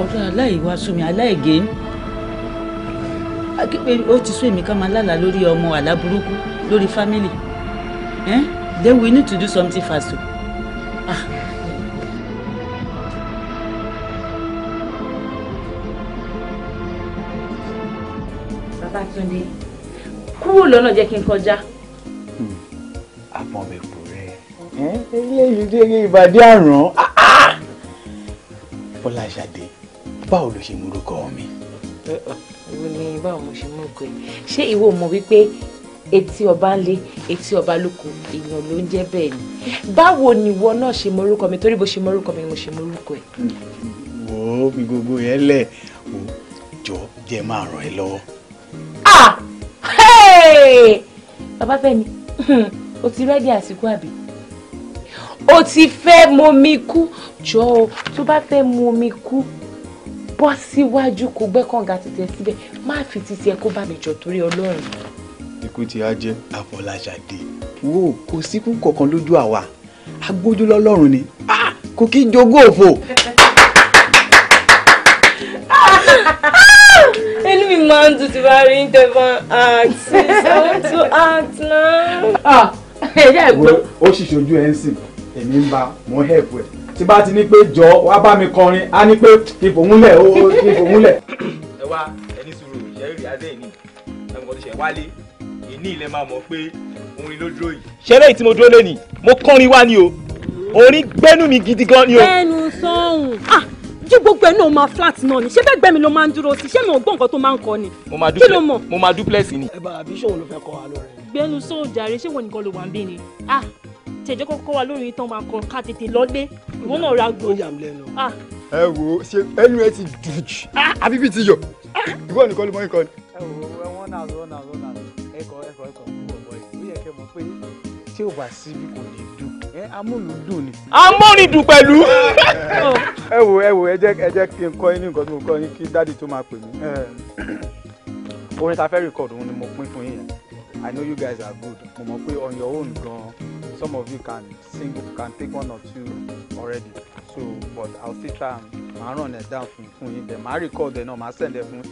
ọ̀rọ̀ aláìwá sunmi aláìgé akéwé ó ti sún èmi ká máa lálàá lórí ọmọ àlá lórí family eh? then we need to do something fast o. Ah. Babatunde kúrò lọ́nà jẹ́ kí n kọjá. àbọ̀n hmm. mi kò rẹ̀ eléyìí dé ìbàdí àrùn ah, ah. Bọ́láṣadé o ló ṣe múrúkọ mi. wo ni báwo mo ṣe mú ìkọ ẹ ṣé ìwọ mọ̀ wípé etí ọba ńlé etí ọba lóko èèyàn ló ń jẹ́ bẹ́ẹ̀ ni báwo ni ìwọ náà ṣe mọrúkọ mi torí bó ṣe mọrúkọ mi ni mo ṣe mọrúkọ ẹ. wò ó fi gbogbo yẹn lẹ̀ wò jọ jẹ́ máa ràn ẹ́ lọ́wọ́. bàbá Fẹ́mi o ti rẹ́dí àsìkò àbí o ti fẹ́ momi kú jọ o tó bá fẹ́ momi kú bọ́ síwájú kò gbẹ́ kànga títẹ síbẹ̀ má fi títí ẹ kó bá mi jọ torí ọlọ́run. ikú tí a jẹ́ àfọláṣadé. wo kò síkú kankan lójú àwa agbójú lọ́lọ́run ni ah, kò kí jogún òfò. Ah, inú mi máa ń dùn tí bá rí tẹ̀fọ́n act seven to act ah, ó sì ẹ̀ ń sìn èmi ń bá mo help ẹ̀ tí bá ti ní pé jọ wá bá mi kọrin á ní pé kí fòun lẹ̀ ó kí fòun lẹ̀. ẹ wá ẹni sùúrù ìṣẹ́rì adé ìní ẹ̀mí kan tó ṣe wálé ìní ilẹ̀ máa mọ̀ pé orin ló dúró yìí. ṣẹlẹ̀ tí mo dúró lẹ́nìí mo kọrin wá ni o orin gbẹ́nu mi gidi gan ni o. bẹ́ẹ̀nu sọ́hùn ah jí gbogbo ẹ̀ náà máa flat náà ni ṣé bẹ́ẹ̀ gbẹ́mi ló máa ń dúró sí ṣé mi ò gbọ́ nǹkan tó máa ń kọ ni kí ló mọ̀. mo máa dúpẹ́ sí ni. ẹ bá àbí ṣòwò ló fẹ́ kọ́ wa lóore. gbẹ́nu sọ́hùn jàre ṣé wọ́n nìkan ló wà ń bí ni ah tẹ̀jọ́ kọ́kọ́ wà lórí ìtàn máa kàn ká tètè lọ́lé ìwọ náà ra gbò. Ah. ẹ wo ṣe ẹnu ẹ ti dùn jù ah. àbí bíi ti yọ ah. ìwọ nìkan ló mọ ìkọ ni. ẹ wo ẹwọn náà lọ náà lọ náà ẹkọ ẹkọ ẹkọ ọmọ ẹ ó yẹ kẹ́ mọ̀ pé tí ò bá sí bí kò ní dùn ẹ amúlùdùn ni. amúlùdùn pẹ̀lú. ẹ wo ẹ wo ẹ jẹ́ ẹ jẹ́ kí n kọ́ yín ní nǹkan tí mo kọ́ yín kí dádì tó máa pè mí orin ta fẹ́ rìkọ̀dù ni mo pín fún yín i know you guys are good mo mọ̀ pé on your own gan some of you can sing can take one or two already so but i'll still try and màá ràn ẹ down fún fún yín then màá record ẹ náà màá send ẹ fún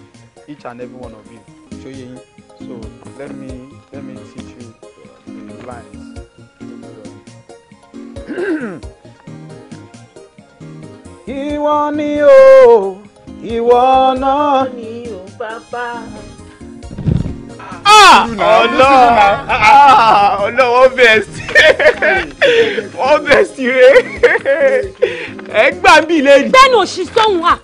each and every one of you ṣó yé yín so let me let me teach you the lines. ìwọ ni o ìwọ náà ni o bàbá ọlọ́wọ́ bẹ̀ẹ̀ sí wọ́n bẹ̀ẹ̀ sí rẹ̀ ẹ gbà mí lẹ́yìn. bẹ́ẹ̀ni òṣì sóhun à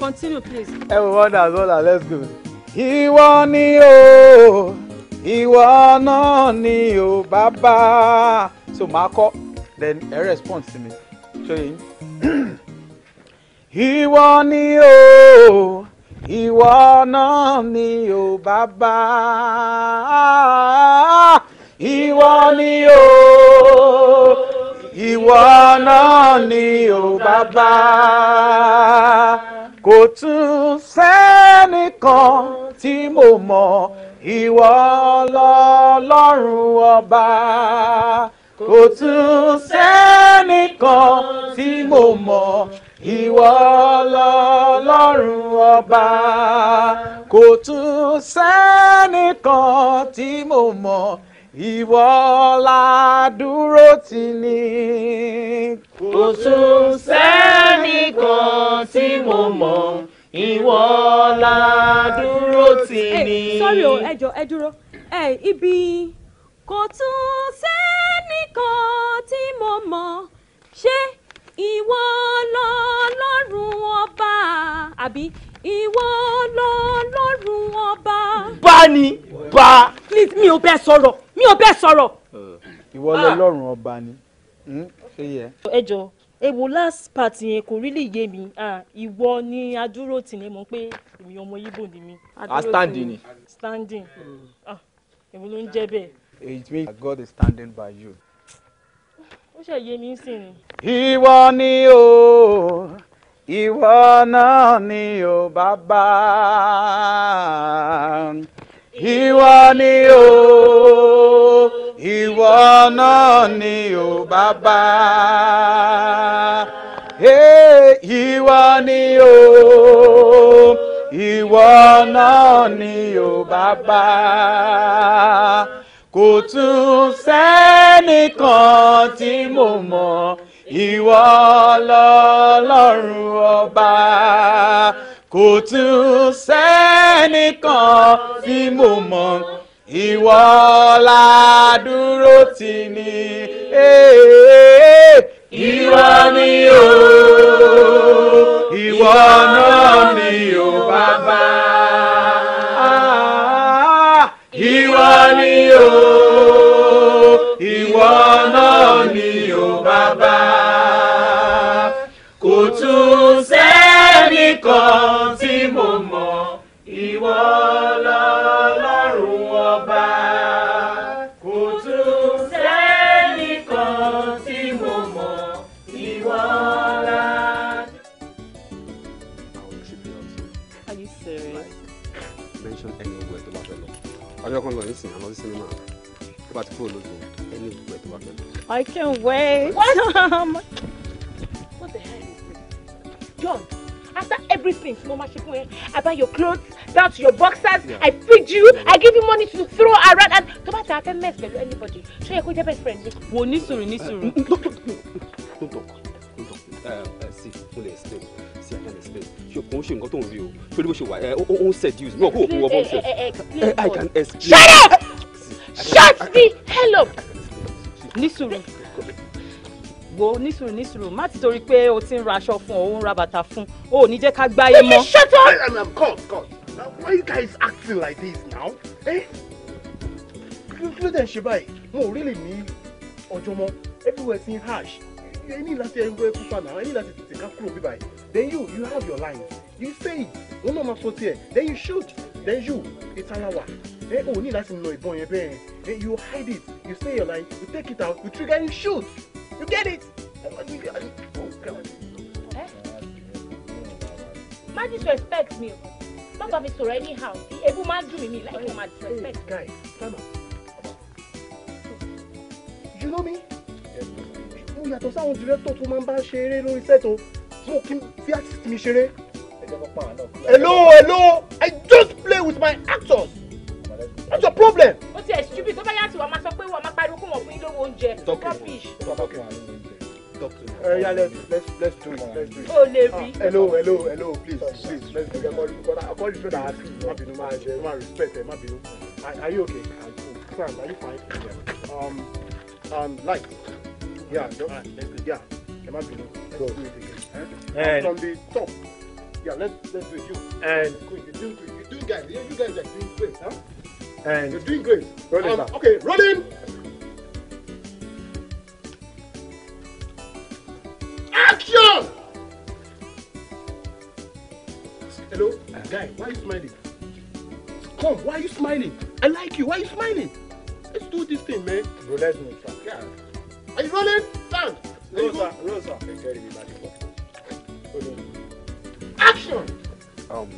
continue please. ẹ wò wọ́n dà sọ́la let's go. ìwọ ni o ìwọ náà ni o bàbá so màá kọ́ then ẹ response sí mi ṣóyè yín. ìwọ ni o ìwọ náà ni o bàbá ìwọ ni o ìwọ náà ni o bàbá kò tún sẹ́nìkan tí mo mọ̀ ìwọ lọ́lọ́run ọba kò tún sẹ́nìkan tí mo mọ̀ ìwọ lọ́lọ́run ọba kò tún sẹ́nìkan tí mo mọ̀ ìwọ la dúró tì ní. kò tún sẹ́nìkan tí mo mọ̀ ìwọ la dúró ní. sọ́rí o ẹ jọ ẹ dúró ẹ ibi kò tún sẹ́nìkan tí mo mọ̀ ṣé ìwọ lọ́lọ́run ọba àbí ìwọ lọ́lọ́run ọba. bá ni bá. please mi ò bẹ́ẹ̀ sọ̀rọ̀ mi ò bẹ́ẹ̀ sọ̀rọ̀. Eh, ìwọ lọ́lọ́run ọba ni hmm, ṣé yẹ. ẹ jọ ewo last part yẹn kò rí lè yé mi ìwọ ni adúró tì ní mọ̀ pé èmi ọmọ yíbò ni mi. a standing ni. standing ah, èwo ló ń jẹ́ bẹ́ẹ̀. it means God is standing by you ṣe yé mi sí ni. ìwọ ni o ìwọ náà ni o bàbá ìwọ ni o ìwọ náà ni o bàbá ìwọ ni o ìwọ náà ni o bàbá kò tún sẹ́nìkan tí mo mọ̀ ìwọ lọ́lọ́run ọba kò tún sẹ́nìkan tí mo mọ̀ ìwọ ládúró tì ní ìwọ ni o ìwọ náà ni o bàbá ìwọ ni o ìwọ náà ni o bàbá kò tún sẹ́nìkan bá kúrò lóṣù ẹni ìgbà tó bá fẹ́ I can't wait. What? the hell John, after everything mo máa ṣe fún ẹ, I buy your clothes, that's your boxers, yeah. I feed you, I give you money to throw around and tó bá ta afẹ́ mess pẹ̀lú anybody, ṣé yẹ kó jẹ́ best friend mi? Wo ní sùúrù ní sùúrù. Don't talk, don't talk, see, mo lè explain sí àjọyọ̀ sílẹ̀ ṣe kò ń ṣe nǹkan tó ń rí o torí bó ṣe wà ẹ ó ń seduce mi ò kó òkú wọ́n bó ń ṣe. I can explain. Shut up! shut the hell up. Nisuru, wo Nisuru Nisuru. má ti torí pé o ti ń ra aṣọ fún o ń ra bàtà fún o ò ní jẹ́ ká gbáyé mọ́. shut up. I am God God now why you guys acting like this now. Eh? ló dé ń ṣe báyìí mo ò rí lè ní ọjọ́ everywhere ti harsh you need láti ẹgbẹ́ kúfà náà you need láti tètè ká kúrò bíbá then you you have your lines you say it wọn náà máa sọ tiẹ̀ then you shoot then you ìtara wà ẹ ò ní láti nà ìbọn yẹn bẹ́ẹ̀ yẹn you hide it you stay your line you take it out you trigger You shoot you get it. Oh, má eh? disrespect mi o má bá mi sọ̀rọ̀ anyhow ebu máa ń dùn mí láì kí n disrespect. guy sama you know me mo yàtọ̀ sáwọn director tó máa ń bá ṣeré lórí sẹ́tò mo kí n fi artist mi ṣeré. hello hello I just play with my actors what's your problem. ó ti ẹ̀ stupid tó bá yá sí wa máa sọ pé wọ́n máa pariwo kó wọ́n fún yín lówó oúnjẹ. rubbish. Uh, yeah, let's, let's, let's do it. Let's do it. Oh, Levi. Ah, hello, hello, hello, please, please, let's do it. I call you so that I feel má bínú, má jẹ́, má respect, má bínú. Are you okay? Sam, are you fine? Um, um, like, yeah, just, yeah, má bínú. Let's do it again. Eh? From the top. Yeah, let's, let's do it. You, and, you do, you do, guys, you guys are doing great, huh? And You're doing great. Roll um, okay, rolling. Action! Hello, guy, why are you smiling? Come, why are you smiling? I like you. Why are you smiling? Let's do this thing, man. Roulette me, sir. Yeah. Are you rolling? Stand. Rosa, Rosa. Hey, Action! Um,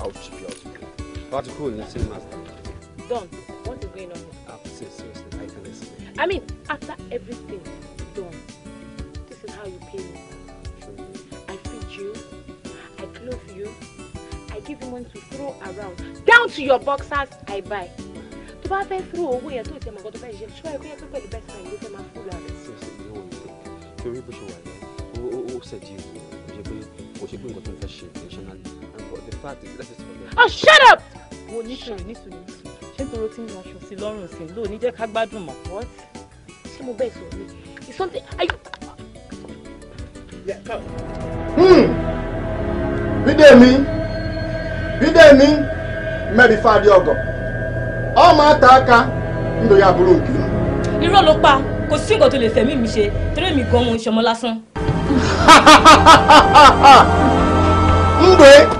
I'll chip you out. Particle in the same master done, what is going on here? Uh, seriously, I can explain. I mean, after everything done, this is how you pay me. I feed you, I clothe you, I give you money to throw around. Down to your boxers, I buy. To buy fẹ́ throw owó yẹn tó ìtẹ̀ mọ̀gọ́ tó to buy ṣọ́ ẹgbẹ́ pẹ́ pẹ̀lú best friend ló fẹ́ máa fún lára. torí bó ṣe wà ní ó ṣẹ̀dí ìwé kò ṣe pé kò ṣe pé nǹkan tó ń fẹ́ ṣe intentionally and the fact is let's just forget. oh shut up wo nítorí nítorí nítorí ṣé nítorí tí mo ṣe sí lọ́rùn sí ló ní jẹ́ ká gbádùn mọ́. what ṣé mo bẹ́ẹ̀ sọ̀rọ̀ mi it's something are you. Hmm. bídèmí bídèmí mẹ́rin fáadé ọgọ̀ ọmọ àtàkà nítorí àbúrò nkì. irọ́ ló pa kò sí nǹkan tó lè fẹ̀mí mi ṣe torí mi gan-an mo ń ṣọmọ lásán. ń gbé.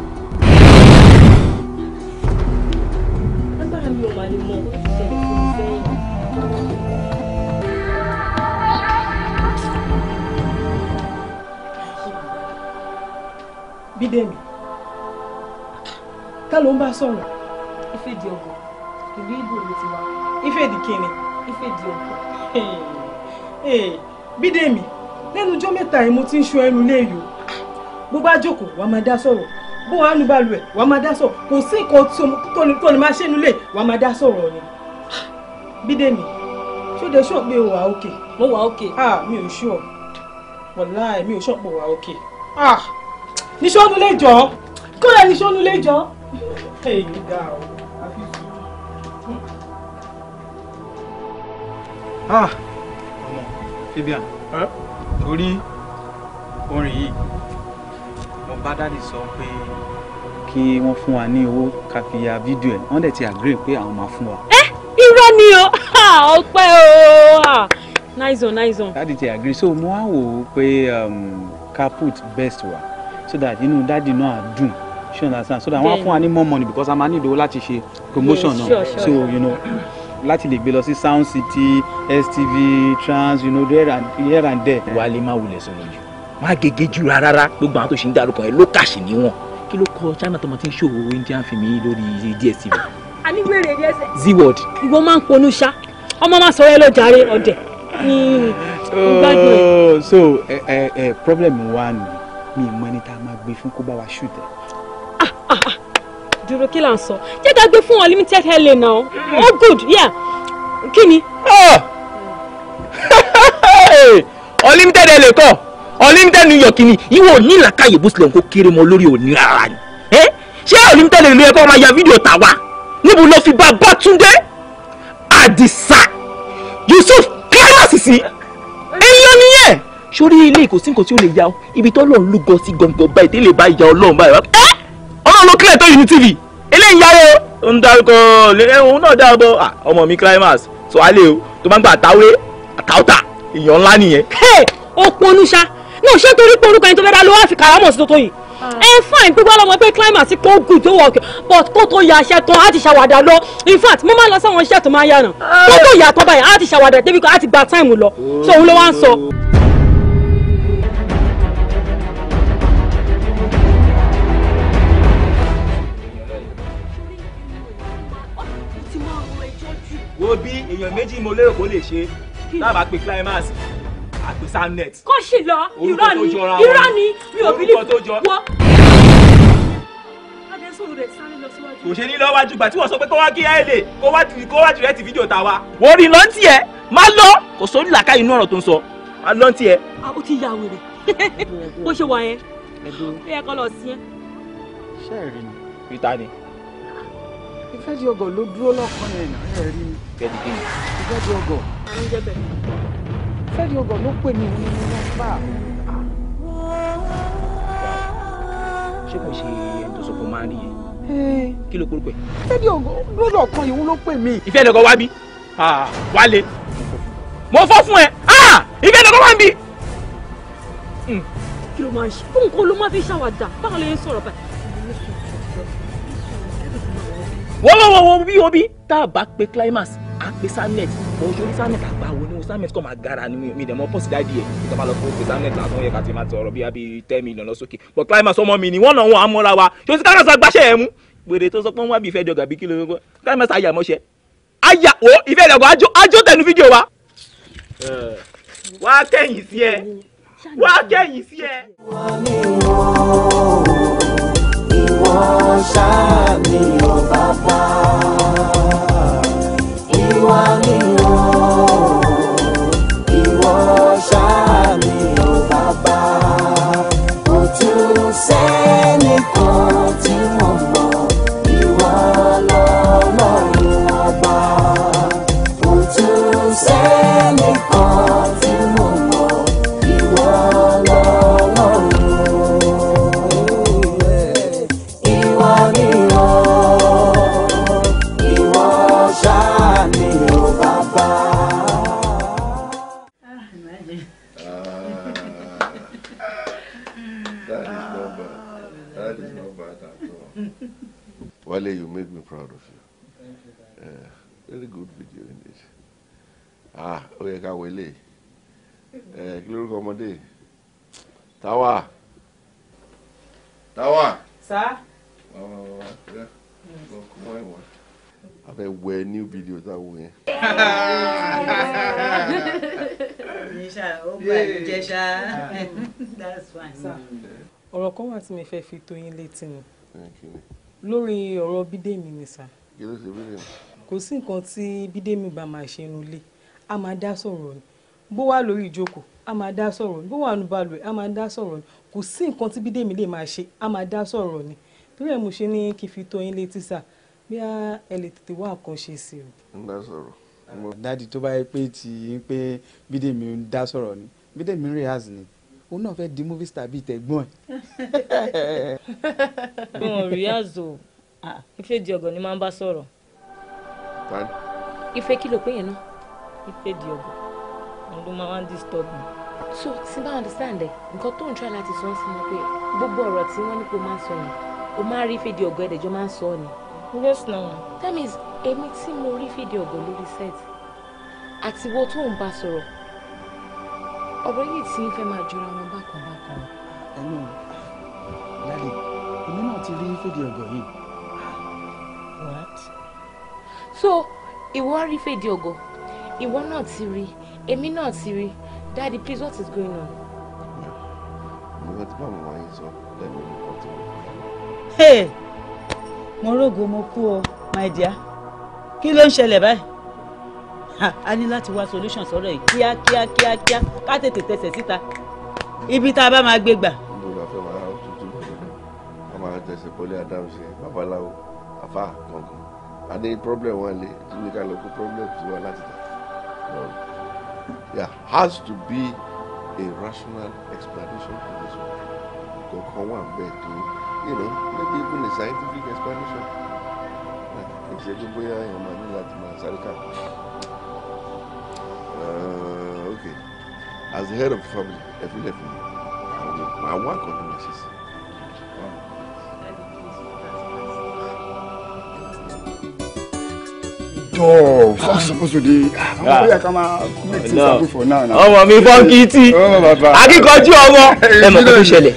Bídèmí ta ló ń bá sọ̀rọ̀. Ifẹ̀ di ọ̀gọ̀ ìlú Ìgbò ló ti wá. Ifẹ̀ di kíni. Ifẹ̀ di ọ̀gọ̀. Eh, Bídèmí lẹ́nu ọjọ́ mẹ́ta yìí mo ti ń ṣọ ẹnu léyò bó bá jókòó wàá máa dá sọ̀rọ̀ bó wàá nu balùwẹ̀ wàá máa dá sọ̀rọ̀ kò sí nǹkan tó ní máa ṣe nílé wàá máa dá sọ̀rọ̀ ni. Bídèmí ṣóde ṣó pé o wà òkè. mo wà òkè. Ah, mi ò ṣọ wàláì mi ò ṣọ pé o wà òkè. Ah! níṣọ́nù lè jọ kó lẹ́ níṣọ́nù lè jọ. èyí dá o àfi sùn. ah ọmọ Fabian torí orin yìí mo bá dáàdì sọ pé kí wọ́n fún wa ní owó ká ya fídíò ẹ̀ wọ́n dẹ̀ ti agree pé àwọn máa fún wa. ẹ irọ́ ni o ọpẹ́ o nice one nice one. dáàdì ti agree so mo wá wò ó pé um, ká put best wa so that inú dáàdì náà á dùn ṣé ọ̀nà sàn so that wọ́n á fún wa ní more money because a máa need owó láti ṣe promotion náà yeah, sure, sure. so you know láti lè gbé lọ sí Sound City STV Trans you know here and here and there. wà á lè má wulẹ̀ sọ̀rọ̀ jù má gègé jù rárá gbogbo àwọn tó ṣe ń dárúkọ yẹn ló kàṣì níwọ̀n kí ló kọ China tó máa ti ń ṣòwò Indian film yìí lórí DSTV. a ní wèrè ní ẹsẹ̀. zeeword. ìwọ máa ń ponú ṣá ọmọ máa sọ ẹ ló jàre ọdẹ ní oh, so ẹ ẹ problem wa nù mí mọ ní tá gbé fún kó bá wa ṣù tẹ. dúró kí là ń sọ jẹ́ ká gbé fún wọn limited hair lane náà all good yeah kí ni. Ah! unlimited hair lane kọ́ unlimited new york ni ìwọ ní làkàyè bó tilẹ̀ kó kéré mọ́ lórí òní ara ni ṣé unlimited hair lane yẹ kó máa ya fídíò tàwa níbo ló fi bá Bátúndé Àdìsá Yusuf kíláàsì sí ẹ nìyẹn sórí ilé kò sí nǹkan tí ó lè ya ọ ibi tó lọ́n lù gan sí gangan báyìí délé bá ya ọlọ́run báyìí. ẹ ọlọ́run ló kílẹ̀ tó yìí ní tv eléyìí yára o. ń darúkọ òun náà dáàbò ọmọ mi climax sọ alẹ́ o tó bá ń gbà àtàwé àtàwọ́tà èèyàn ńlá nìyẹn. ó pọnú ṣá náà ṣé torí pé orúkọ ẹni tó fẹ́ dá ló wá fi kàrámọ̀ sí tó tó yìí ẹ ah. eh, fine gbogbo ọlọmọ pé climax kò gùn tó wọ ọkẹ but kó tó ya aṣẹ tán á ti ṣàwàdà lọ in fact mo máa lọ sáwọn iṣẹ́ tó máa ń yànnà ah. kó tó yà tán báyìí á ti ṣàwàdà débi kan á ti gba time lọ so òun ló wá ń sọ. wo bí èèyàn méjì mo lérò kó lè ṣe láàbà pé climax àpè sanet. kó sì lọ irọ́ ni irọ́ ni mi ò bí lè wọ́. kò ṣe ní lọ́wájú gbà tí wọ́n sọ pé kó wá kí ẹ lè kó wá kó wá jù rẹ ti fídíò ta wa. wọ́n rí lọ́ntì ẹ̀ má lọ kò sórí làkà inú ọ̀rọ̀ tó ń sọ má lọ́ntì ẹ̀. o ti ya wèrè bó ṣe wà yẹn ó yẹ kó lọ sí ẹ. ṣé ẹ rí ni. peter ni. ìfẹ́ di ọgọ̀ ló dúró lọ́kàn yẹn náà ẹ rí ni ìfẹ́dí kí ni. ìfẹ́dí ọgọ̀ ìfẹ́dí ọgọ̀ ló pè mí ní mo náà fà. ṣé kò ṣe ẹni tó sọ fún máa rí yẹn. kí ló korúkọ ẹ. ìfẹ́dí ọgọ̀ lọ́dọ̀ kan ìwọ ló pè mí. ìfẹ́dí ọgọ̀ wá bí wálé mo fọ́ fún ẹ ìfẹ́dí ọgọ̀ wá bí. kí ló máa ń ṣe. fún nǹkan ló máa fi ṣàwàdà báwo lè sọ̀rọ̀ báyìí wọ́wọ́wọ́wọ́ bí obi tá a bá pe climax pé sanet ọjọ́ ní sanet àgbàwo ni sanet kọ́ máa gara ni mi dẹ̀ mọ́ pọ́sì dáàdi ẹ̀ níta bá lọ fún pé sanet làtún yẹ ká ti máa tọrọ bíi abiy ten million lọ sókè but climax ọmọ mi ni wọ́n náà wọ́n á wa ṣé o ti kára sọ gbàṣẹ́ ẹ̀ mú gbèrè tó sọ pé wọ́n á bí ìfẹ́ jọ gàbí kí ló ń kọ́ climax àyà mọ́ṣẹ́ àyà o ìfẹ́ ìdàgbọ́ àjọ àjọ tẹnu wa. wá sí ẹ wá kẹ́yìn sí ẹ. ìwọ ṣáà ni ọ̀ bàbá ìwọ ni wọ́n ìwọ ṣáàmì ò bàbá kò tún sẹ́nìkan tí mo proud of you. Thank you, Dad. Yeah, very good video indeed. Ah, ó yẹ ká wọlé. Ẹ Tawa. lórúkọ ọmọdé? Táwa. Táwa. Sá. Wà wà wà wà. Kọ́ ẹ̀ wá. A fẹ́ new video that yẹn. Ní ṣá, ó gba ìjẹ That's fine. Ọ̀rọ̀ kan wà tí mi fẹ́ fi Thank you lórí ọ̀rọ̀ bídèmí ni sà. kí ló ṣe bídèmí. kò sí nǹkan tí bídèmí bá máa ṣe inú ilé a máa dá sọ̀rọ̀ ni bó wà lórí ìjókòó a máa dá sọ̀rọ̀ ni bó wà nù balùwẹ̀ a máa dá sọ̀rọ̀ ni kò sí nǹkan tí bídèmí lè máa ṣe a máa dá sọ̀rọ̀ ni torí ẹ̀ mo ṣe ní kí n fi tó yín létí sà bí ẹ lè tètè wá nǹkan sí o. ń bá sọ̀rọ̀. dáàdi tó bá yẹ pé ti pé bídèmí ń dá sọ̀rọ̀ ni bídèmí rẹ̀ hàz òun náà fẹ́ di movie star bíi tẹ̀gbọ́n ẹ̀. wọn rí àzò ah. ife di ọgọ ni máa ń bá sọ̀rọ̀. ife kí ló pé yẹn náà. ife di ọgọ òun ló máa ń disturb mi. so tí bá understand ẹ nǹkan tó ń try láti sọ ń sin ni pé gbogbo ọ̀rọ̀ tí wọ́n ní kó máa ń sọ yẹn o máa rí ife di ọgọ ẹ̀dẹ̀jọ́ máa ń sọ ni. yes na. that means èmi tí mo rí fídíò ọgọ lórí set àtiwọ́ tó ń bá sọ̀rọ̀ ọ̀rọ̀ yìí ti ń fẹ́ máa jura wọn bákan bákan. ẹnu lálẹ èmi náà ti rí fèdè ọgọ yìí. what. so ìwọ rí fèdè ọgọ ìwọ náà ti rí èmi náà ti rí daddy please what is going on. mo ti bá màmá yín sọ lẹ́nu ìkọ́ tí mo fà. mo rògo mo kú ọ my dear kí ló ń ṣẹlẹ̀ báyìí a ní láti wá solution sọ̀rọ̀ yìí kíá kíá kíá kíá ká tètè tẹsẹ̀ síta ibi tá a bá máa gbé gbà. mo máa fẹ́ máa tutù wọ́n máa tẹsẹ̀ pọ́lí adam ṣe babaláwo afa kankan a ní problem wọn lé tí ní ká lọ kó problem tí wọn láti tà there has to be a rational explanation for this one kankan wà bẹ́ẹ̀ tó you know maybe even a scientific explanation ìṣẹ́jú bóyá èèyàn máa ní láti máa sáré káàkiri. Uh, okay. As the head of the family, if you left me, I will work on the Oh, I'm supposed to be. I'm not like I'm a meeting no. for now. now. Ọmọ mi fọ́n kí tí. Akíkanjú I Ẹ mọ̀ kó tó ṣẹlẹ̀.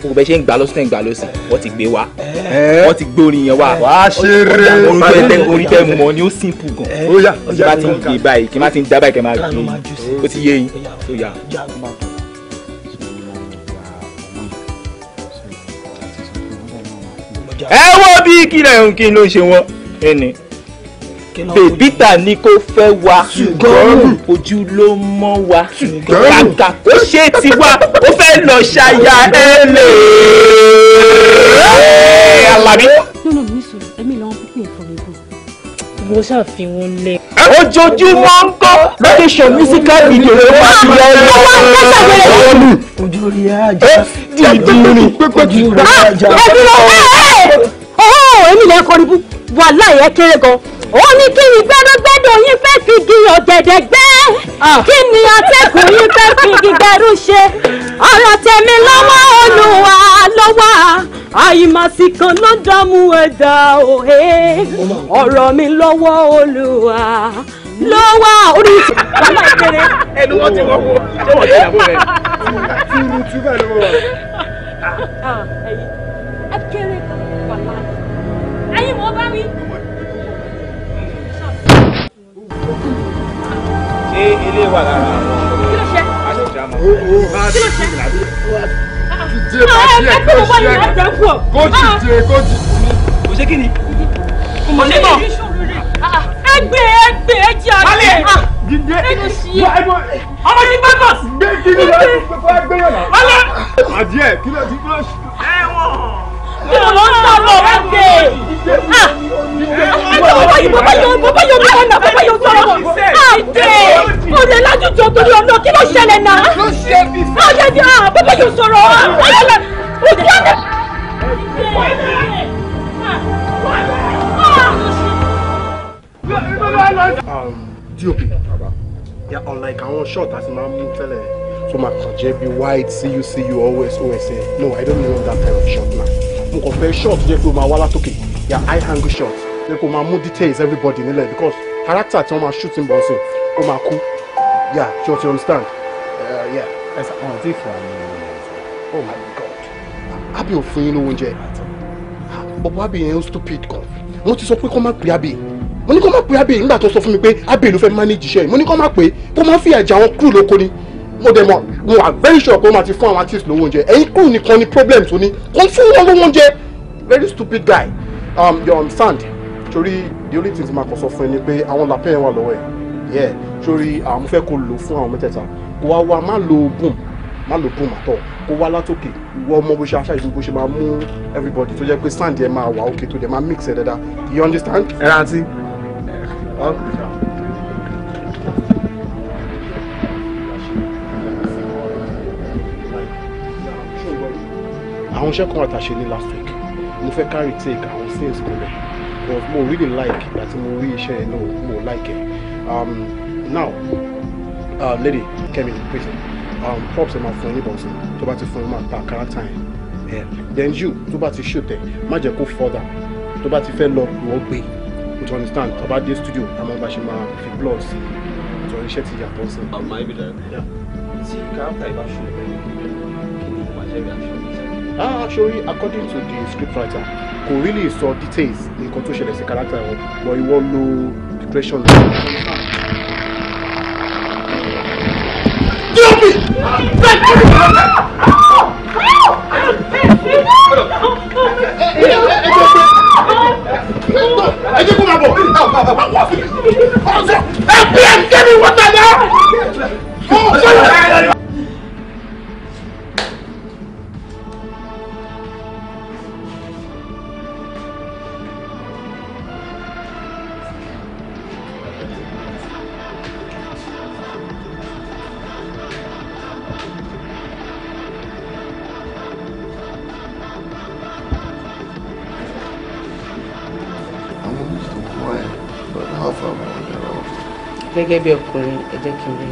Gbogbo ẹ ṣe ń gbà lọ́sùn ń gbà lọ́sùn. Wọ́n ti gbé wa wọ́n ti gbé orin yẹn wá. wàá ṣeré orúkọ ẹ̀tẹ́ orin tẹ́ mọ̀ ni ó simple gan. ó yà ó yà ní ọ̀gá báyìí kí n má ti ń dá báyìí kí n má gbé ó ti yé yín ó yà. ẹ wo bí kílẹ̀ ń kí ló ṣe wọ́n ẹni bèbítà ni kò fẹ́ wa ṣùgbọ́n ojú ló mọ́ wa kàkà kó ṣe tiwa ó fẹ́ lọ ṣaya ẹ̀lẹ́ alábí. nínú mi sọ̀rọ̀ èmi làwọn pípé ìfọ̀rẹ́gbọ̀ mo ṣàfihàn lẹ. ojoojúmọ́ ń kọ́ location musical video ló máa fi yọ ọ́ lọ́wọ́ mi. ojú orí ajá dídí ni ojú orí ajá. ẹ dúró ẹ ẹ ọ̀hún èmi lè kọrin bú wàhálà ẹ̀ kéré gan-an ó kí ni gbẹ́dọ́gbẹ́dọ́ yín fẹ́ fi igi ọ̀gẹ̀dẹ̀ gbẹ́ ah. kí ni atẹ́kùn yín fẹ́ fi igi gbẹ́rú ṣe ọ̀rọ̀ tẹ̀mí lọ́wọ́ Olúwa lọ́wọ́ àyìnmọ̀sí kan ló ń dánmú ẹ̀dá òhe ọ̀rọ̀ mi lọ́wọ́ Olúwa lọ́wọ́ orí wàhálà ìkéré. ẹnu wọn ti wọ́n wọ́n ṣé wọ́n ti yàgò rẹ̀. túrú túbẹ̀ ló wọ̀. ṣé ilé wà lára àwọn kí ló ṣe kí ló ṣe jíjẹ ah, pàṣẹ ẹ kó ṣe ẹ kó jíjẹ ah. kó jíjẹ. kò ṣe kí ni kò ṣe bọ̀ ẹgbẹ́ ẹgbẹ́ ẹjẹ́ àgbẹ̀ jíjẹ ọmọ ti bá bọ̀. gbé kí ni wọ́n á gbé yàrá. adìẹ kí ló ti kí ló ṣe. ẹ̀wọ̀n kí ló ń sá lọ láti. bàbá yóò bàbá yóò bàbá yóò bí ọ̀nà bàbá yóò sọ̀rọ̀ àìdè ọ̀rẹ́ lájújọ torí ọ̀nà kí ló ṣẹlẹ̀ náà. ọ̀yẹ́dì bàbá yóò sọ̀rọ̀ ọ̀yẹ́dì òjì ọ̀nà. DOP baba they are unlike àwọn short as ma mú tẹ́lẹ̀ so ma kàn jẹ́ bí white see you see you always always say no I don't know that kind of short now mo kàn fẹ́ short jẹ́ pé o máa wá látòkè yà high angle shot jẹ́ pé o máa mú details everybody nílẹ̀ because character tí wọ́n máa shoot ń bọ̀ sí o máa kú yà short you understand. ẹsẹ̀ ọ̀hún ti fún mi. oh my god abi ò fún yín lówó oúnjẹ bọ̀bọ̀ abi yẹn stupid gan mo ti sọ pé kó má pè abi mo ní kó má pè abi nígbà tó sọ fún mi pé abi ló fẹ́ manage iṣẹ́ mo ní kó má pè kó má fi àjà wọn kúrò lóko ni mo dẹ̀ mọ̀ mo wà very sure pé wọ́n máa ti fún àwọn artiste lówó oúnjẹ ẹ̀yin kúrò nìkan ni problem tó ní fún wọn lówó oúnjẹ very stupid guy um, your um, sand torí the only thing ti máa kọ sọ fún ẹ ni pé àwọn làpẹ́ yẹn wà lọ́wọ́ ẹ̀ yẹ torí àwọn fẹ́ kó lò fún àwọn mẹ́tẹ̀ẹ̀ta kó wá wá má lo boom má lo boom àtọ̀ kó wá látòkè ìwọ ọmọ bó ṣe aṣáájú bó ṣe máa mú everybody tó jẹ́ pé sand yẹn máa wà òkè tó dẹ̀ máa mix ẹ̀ dáadáa you understand. ẹ rántí. Um, àwọn iṣẹ́ kan àtàṣe ní last week mo fẹ́ carry take àwọn sales kan rẹ̀ but mo really like ìgbà tí mo rí iṣẹ́ yẹn náà mo like it. um, now uh, lady kemi prison um, props ẹ̀ máa fún ẹ ní bọ̀sùn tó bá ti fún ẹ máa pa character time." ẹ̀ then you tó bá ti shoot ẹ̀ má jẹ́ kó further tó bá ti fẹ́ lọ wọ́n gbé you understand tó bá dé studio àmọ́ bá ṣe máa fi blood sí i tó iṣẹ́ ti yàtọ̀ sí i. àmọ́ ibi dàgbà tí character yìí bá kí ni mo máa jẹ́ reaction ah sori according to the scriptwriter kò really sọ details nǹkan tó ṣẹlẹ̀ sí character wọn but ìwọ lo depression. ẹ jẹ́ kó máa bọ̀ ẹ bí ẹ ń kẹ́mi wọ́tà náà. gẹ́gẹ́ bí ọkùnrin ẹ jẹ́ kí n rí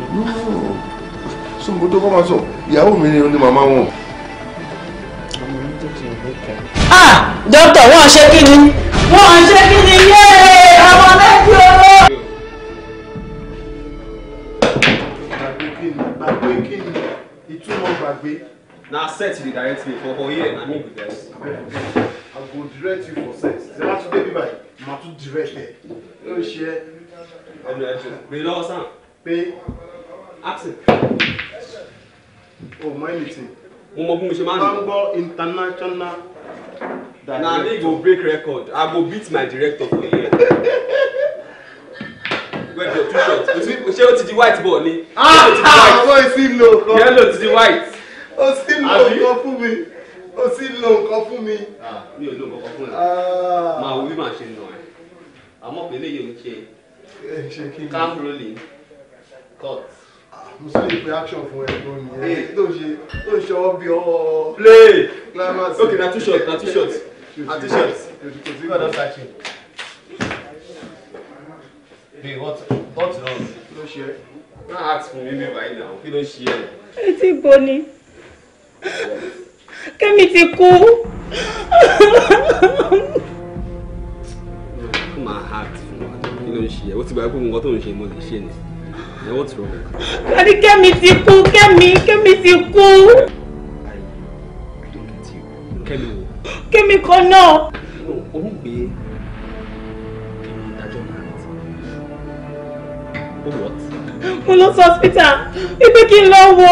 sọ́kò tó kọ́ máa sọ ìyàwó mi ni ní màmá wọn. àmọ́ ní tètè ìwé kan. ah dókítà wọ́n ṣe kí ni wọ́n ṣe kí ni yéé àwọn aláìsí owó. gbàgbé kí ni gbàgbé kí ìtumọ̀ gbàgbé. na set dey direct me for for here na me be best. i go direct you for set. ṣé wàá tún débi báyìí màá tún direct ẹ̀. ó ṣe é ẹnu ẹtù pé lọ́wọ́ sàn. pé accent. o Oh ẹni tí. mo mọ bí mo ṣe máa ń lò. wọ́n gbọ́ international director. na me go break record i go beat my director for here. wey be your two shots ṣé o ti di white ball ni. ah ah wọ́n ti lo nǹkan. yellow ti di white. o ti lo nǹkan fún mi o ti lo nǹkan fún mi. Ah, mi ò lo nǹkan fún ẹ. Ah. màá wí màá ṣe nà ẹ àmọ́ pé eléyìí ò ń ṣe. Eh, calm rolling cut. Ah, mo sì lè pe action fún ẹ̀gbọ́n mi ẹ̀ eh, tó ṣe tó ń ṣọwọ́ bí ọwọ́. play okay na two shots na two shots na two shots god don catch you. babe what What's wrong. kí ló ṣe é. na ask for me bí báyìí náà kí ló ṣe é. etí bo ni kẹ́mi ti kú. come on heart ló ń ṣe ẹ̀ ó ti gbà pé nǹkan tó ń ṣe mo lè ṣe ni ẹ̀ wọ́n ti rọ̀. kàrí kẹ́mi ti kú kẹ́mi kẹ́mi ti kú. kẹ́mi wo. kẹ́mi kan náà. olùgbé kẹ́mi ìdájọ́ náà ti ó wọ̀ ọ́ mo lọ sí hospital wípé kí n lọ wo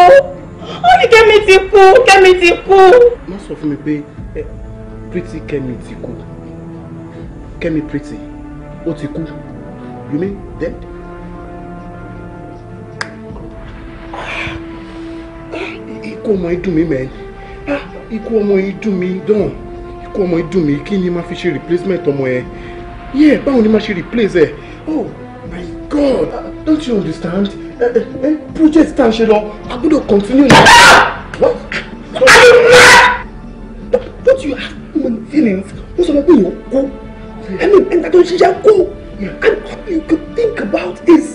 ó ní kẹ́mi ti kú kẹ́mi ti kú. má sọ fún mi pé pretty kẹ́mi ti kú kẹ́mi pretty ó ti kú. You mean dead? Ikú ọmọ idùn mi mẹ́rin. Ah, ikú ọmọ idùn mi don. Ikú ọmọ idùn mi kini ni fi ṣe replacement ọmọ yẹn? Yeah, báwo ni máa ṣe replace ẹ̀? Oh my God! Ah, don't you understand? Eh, eh, eh, project tá a ṣe lọ, a continue now. Ah! What? What you have human feelings? Wọ́n sọ pé èèyàn kú. Ẹni ẹni tó ń ṣiṣẹ́ kú. And can you could think about is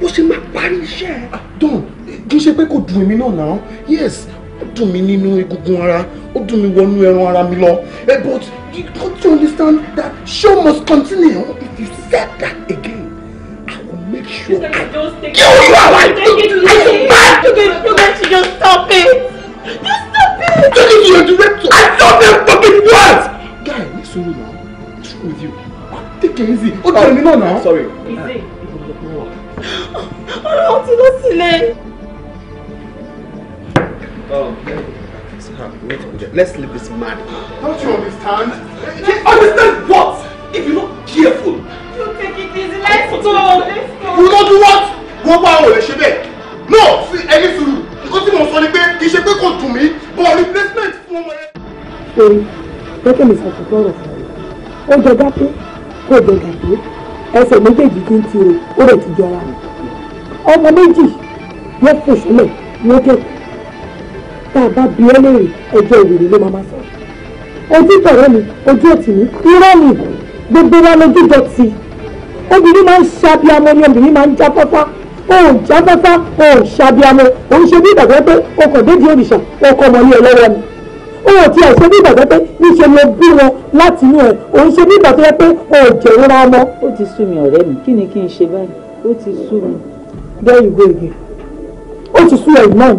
bó ṣe máa parí iṣẹ́. Ah, don kì í ṣe pé kò dùn èmi now? náà yes ó dùn mí nínú egungun ara ó dùn mí wọnú ẹran ara mi lọ eh, but you don't understand that show must continue if you said that again i will make sure Mr. i kill you alive you bad you can just stop it just stop it. take it to your director sùúrù náà what's wrong with you take it easy ó dọ̀rọ̀ mi náà náà. sorry. ọ̀rọ̀ ọtí ló sì le. Let's leave this man. Don't you understand? understand what? If you're not careful. You take it easy. Let's go. Let's go. You don't do what? Go back ò lè ṣe No, ẹni sùúrù. Nǹkan tí mo sọ ni pé kì í ṣe pé kò dùn mí, but replacement fún ọmọ tọ́kẹ́ mi ṣàtúntò ọ̀rọ̀ fún ọ ó jọ dápé kó jọ gàdé ẹsẹ̀ méjèèjì tí ń tiro ó rẹ̀ ti jọra rẹ̀ ọmọ méjì yóò fò sílẹ̀ yóò kẹ́kọ̀ọ́ tá a bá bi ẹ́ léèrè ẹjọ́ ìwèrè ló máa sọ ojú tọ̀rẹ́ mi ojú òtì mi irọ́ mi gbogbo wa lójú jọ ti obìnrin máa ń ṣàbíamọ ni obìnrin máa ń jáfáfá o ò jáfáfá o ò ṣàbíamọ òun ṣe bí ìgbàgbọ́ pé o kò dédìí òrìṣà o kò mọ̀ ní ni o ò tiẹ̀ ṣe bí ìgbàgbọ́ pé níṣe ló bí wọn láti inú ẹ̀ ò ń ṣe bí ìgbàgbọ́ pé o ò jẹ̀ rárá ọmọ. ó ti sú mi ọ̀rẹ́ mi kí ni kí n ṣe báyìí ó ti sú mi. there you go again ó ti sú ẹ̀yìn náà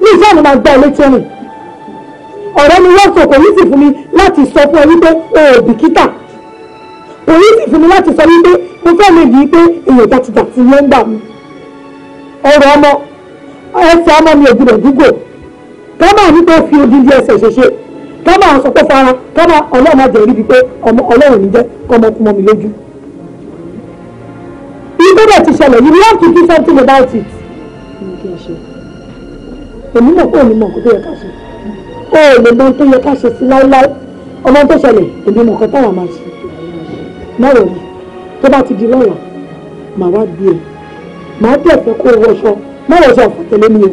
ní ìṣe àná máa gbá ilé tẹ́rìn ọ̀rẹ́ mi wọ́n sọ kò ní sì fún mi láti sọ fún ẹ wípé o ò bìkítà kò ní sì fún mi láti sọ wípé mo fẹ́ lè bí pé èèyàn dàtìdàtì ló ń gbà mí ọ̀rọ̀ ọmọ ẹsẹ̀ ọmọ mi ò gbọdọ̀ dúgò tọ́mà nígbà fi odindi ẹsẹ̀ ṣeṣe tọ́mà sọ pé fara tọ́mà ọlọ́run àjẹ́ rí bíi ọlọ́run ní jẹ́ kọ́mọ kúmọ mi lójú. ibi bẹ́ẹ̀ ti ṣẹlẹ̀ you have to do something about it. èmi mọ̀ pé èmi mọ̀ nǹkan tó yẹ ká ṣe ó lè mọ tó yẹ ká ṣe sí láéláé ọmọ tó ṣẹlẹ̀ èmi mọ̀ nǹkan táwọn máa ṣe mọ̀rọ̀ mi tó bá ti di lọ́la màá wá gbé e màá dẹ̀ fẹ́ kó wọṣọ mọ̀rọ̀ ṣe ọ̀fọ̀ tẹ̀lé mi o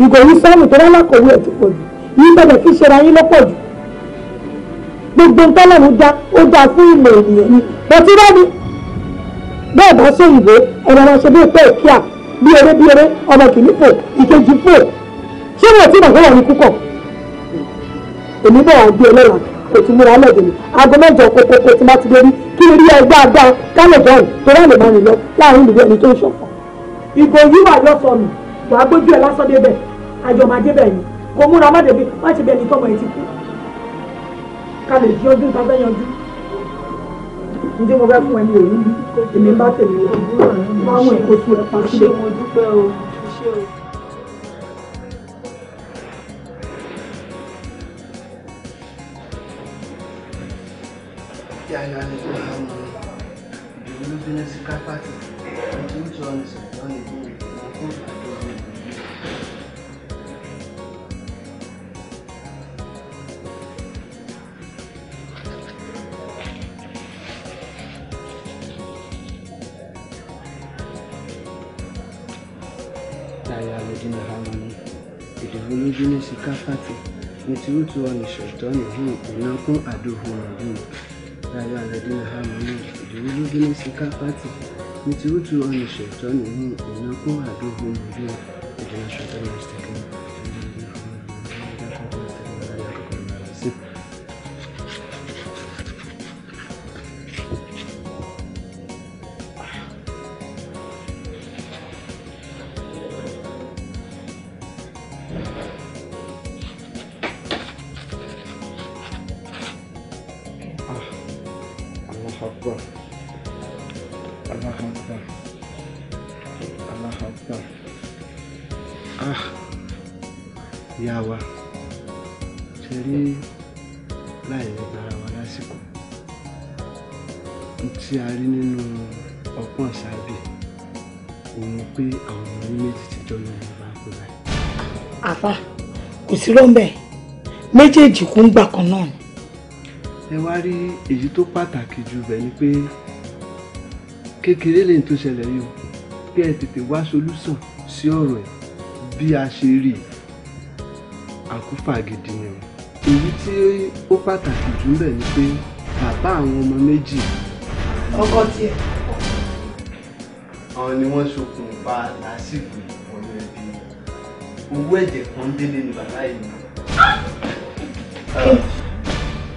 ìgòyí sọ́ọ̀nù tó lálákòwé ẹ̀ ti pọ̀ jù yìí tẹ̀lé fi ṣe ra yín lọ́pọ̀ jù gbogbo ntọ́lọ́run dá ó dá fún ilẹ̀ ènìyàn ni bọ́tí rẹ́ni bẹ́ẹ̀ bá ṣe ìwé ẹ̀rọ ọmọṣẹ́ bíi pé kíá bí eré bí eré ọmọ kìíní fò ìkejì fò ṣé wọn ti dàgbà wọn ní púpọ̀ èmi bọ̀ wá gbé ọlọ́la kò tún múra lẹ́dẹ̀ẹ́ mi aago mẹ́jọ kókókó tí má ti dé rí kí n rí ẹ dáadáa kálẹ̀ jọ̀ọ́ tó rẹ̀ lè má rìn lọ láàrin ìlú ẹni tó ń ṣọ̀fọ̀. ìgò yìí wà lọ́sọ̀ọ́ wàá gbójú ẹ lásán débẹ̀ àjọmọ adébẹ̀ ni kò múra má débi má ṣe bẹ́ẹ̀ ni tọ́mọ ẹ ti kú ká lè fi ọdún ta fẹ́ yanjú ǹjẹ́ mo fẹ́ fún ẹni òní bí èmi bá tèmi wọ́n máa ń wọ ẹ pa sílẹ̀. ṣé Yeah, yeah, I need to have money. The wilderness capacity, zinahamu idhuluju nisikapate nituutu wa nishaitani huu unakum aduhu mubin ya ayyuha alladhina amanu idhuluju nisikapate nituutu wa nishaitani huu unakum aduhu mubin idhina shaitani mustaqim sí rọ́mbẹ̀ méjèèjì kún gbà kan náà ni. ẹ wá rí èyí tó pàtàkì jù bẹ́ẹ̀ ni pé kékeré lè tó ṣẹlẹ̀ yìí o kí ẹ tètè wá solúsàn sí ọ̀rọ̀ ẹ̀ bí a ṣe rí àkúfà gidi ni o èyí tí ó pàtàkì jù bẹ́ẹ̀ ni pé bàbá àwọn ọmọ méjì. ọkọ tiẹ̀. àwọn ni wọ́n ṣokùnfà lásìkò ìpọ́nlẹ̀ bíi owó ẹ̀jẹ̀ kan délé ni bàbá yìí ni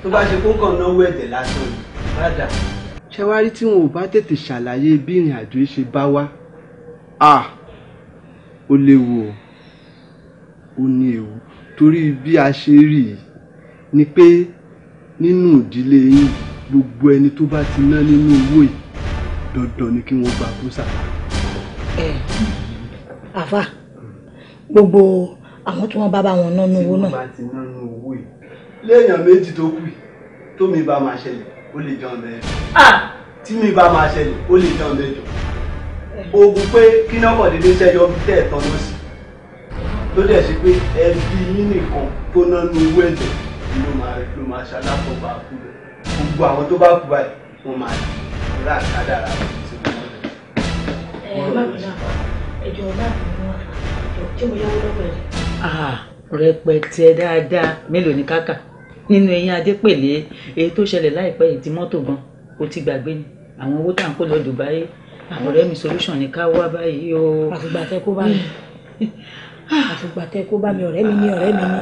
tó bá ṣe kókàn náwó ẹ̀jẹ̀ lásán ni rádà. ṣé wàá rí tí wọn ò bá tètè ṣàlàyé bí ìrìn àjò ṣe bá wá ó léwu o ó ní ewu torí bí a ṣe rí i ni pé nínú ìdílé yín gbogbo ẹni tó bá ti ná nínú owó yìí dandan ni kí wọ́n gba kúsà. ẹ àfà gbogbo àwọn tí wọ́n bá bá wọn nánú owó náà. tí wọ́n bá ti nánú owó yìí léèyàn méjì tó kù tó mi bá máa ṣẹlẹ̀ ó lè jẹun bẹ́ẹ̀ ah! tí mi bá máa ṣẹlẹ̀ ó lè jẹun bẹ́ẹ̀ jọ ogun pé kí náà kọ̀ déédéé ṣẹ́yọ tẹ̀ tán ló sì ló dẹ̀ ṣe pé ẹbí yín nìkan tó nánú owó ẹ̀jẹ̀ ló máa ló máa ṣalákọ̀ọ́bà kú lọ gbogbo àwọn tó bá kú báyìí wọ́n máa rà kádàrà tí wọ́n mọ̀ lẹ́yìn. ẹ má bínú ẹjọ́ má bínú ṣé mo yáwó lọ́wọ́ ẹ̀. rẹpẹtẹ dáadáa mélòó ni káka nínú eyín adépèlé èyí tó ṣẹlẹ̀ láìpẹ́ yìí ti mọ́tò gan o ti gbàgbé ni àwọn owó tá à ń kó lọ Dubai àwọn ọ̀rẹ́ mi solution ni ká wá báyìí o. àtùgbà tẹ kó bá mi àtùgbà tẹ kó bá mi ọ̀rẹ́ mi ní ọ̀rẹ́ mi ní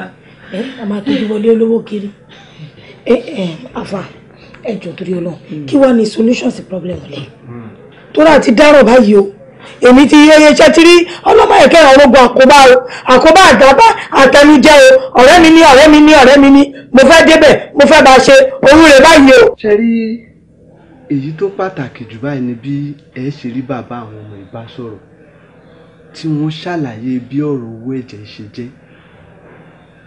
ẹ a máa tójú wọlé olówó kiri ẹ ẹ àfà ẹ jọ torí Ọlọ́run hmm. kí wàá ní solution sí problem rẹ hmm. tó láti dárò báyìí o èmi ti yẹ iṣẹ́ tí rí ọlọ́mọ ẹ̀kẹ́ ọ̀rọ̀gbọ̀ àkóbá o àkóbá àdábá àtẹnujẹ o ọ̀rẹ́ mi ní ọ̀rẹ́ mi ní ọ̀rẹ́ mi ní mo fẹ́ débẹ̀ mo fẹ́ bá ṣe orú rẹ̀ báyìí o. ṣe rí èyí tó pàtàkì jù báyìí ni bí ẹ ṣe rí bàbá àwọn ọmọ ìbá sọ̀rọ̀ tí wọ́n ṣàlàyé bí ọ̀rọ̀ owó ẹ̀jẹ̀ ṣe jẹ́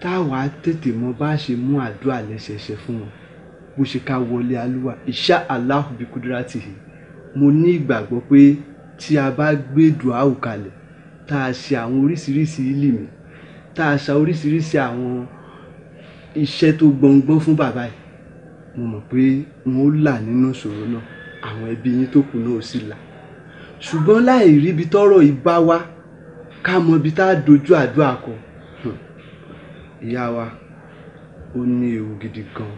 táwa tètè mọ bá ṣe mú àdúrà lẹ́sẹẹsẹ fún wọn bó ṣe ká wọlé alúwa ìṣá aláhùbí kúdúrátì mo ní ìgbàgbọ́ pé tí a bá gbé dùáù kalẹ̀ tá a ṣe àwọn oríṣiríṣi ìlìmì tá a ṣa oríṣiríṣi àwọn iṣẹ́ tó gbọngbọ́n fún bàbá yìí mo mọ̀ pé wọn ó là nínú ìṣòro náà àwọn ẹbí yín tó kù náà sì là ṣùgbọ́n láì ríbi tọ́rọ̀ ìbá wa ká mọ ibi tá a dojú àdúrà kọ hmm. ìyá wa ó ní ewu gidi gan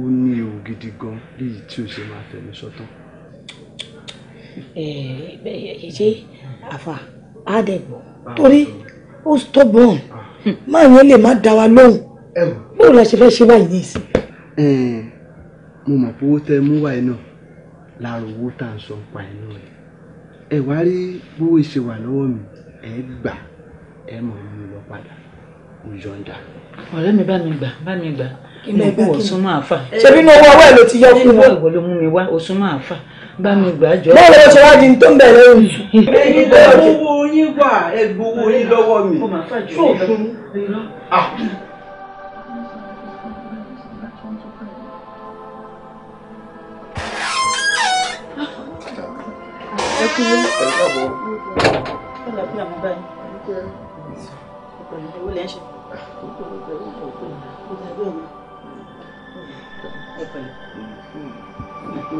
ó ní ewu gidi gan léyìí tí ó ṣe máa fẹnu sọtán. Eh, eh, ṣe àfà àdẹ̀gbọ̀ torí ó stubborn máa yẹn lè má dá wa lóhùn bóun la ṣe fẹ́ ṣe báyìí nísìn. mo mọ̀ pé owó tẹ mú wáyé náà lára owó tá à ń sọ pa inú rẹ̀ ẹ wá rí bówó ṣe wà lọ́wọ́ mi ẹ gbà ẹ mọ̀ mi lọ padà mo yọ̀ǹda. ọ̀rẹ́ mi bá mi gbà bá mi gbà kí ló kú ọ̀sùn máa fà. ṣebí ní owó ọwọ́ ẹ̀ ló ti yọ fún wọn. nínú ìwọ ló mú mi wá ọ̀sùn máa fà bá mi gbàjọ. báwo ló ṣe wá di tó ń bẹ̀ lẹ́yìn oṣù. èyí lè gbowó yín wà ẹ gbowó yín lọ́wọ́ mi. tó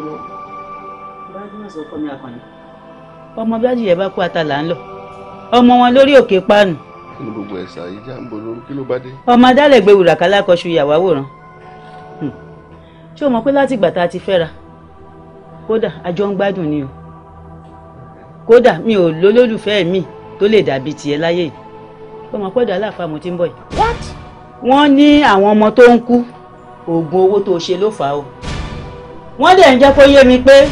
fún ọmọ bí àjìyẹ bá kú ata ń lọ ọmọ wọn lórí òkè páànù. kí ni gbogbo ẹ̀sà yìí já ń bọ̀ lórí kí ló bá dé. ọmọ adálẹ̀ gbé wùrà kálákọ̀ṣu ìyàwó àwòrán hmm. ṣé o mọ̀ pé láti ìgbà tá a ti fẹ́ra kódà a ń gbádùn ni o kódà mi ò lólólùfẹ́ mi tó lè dàbí tiẹ̀ láyé yìí o mọ̀ aláàfáà mo ti ń bọ̀ yìí. what. wọ́n ní àwọn ọmọ tó ń kú oògùn owó tó ṣe ló fà á o wọ́n dẹ̀ ń jẹ́ kó yé mi pé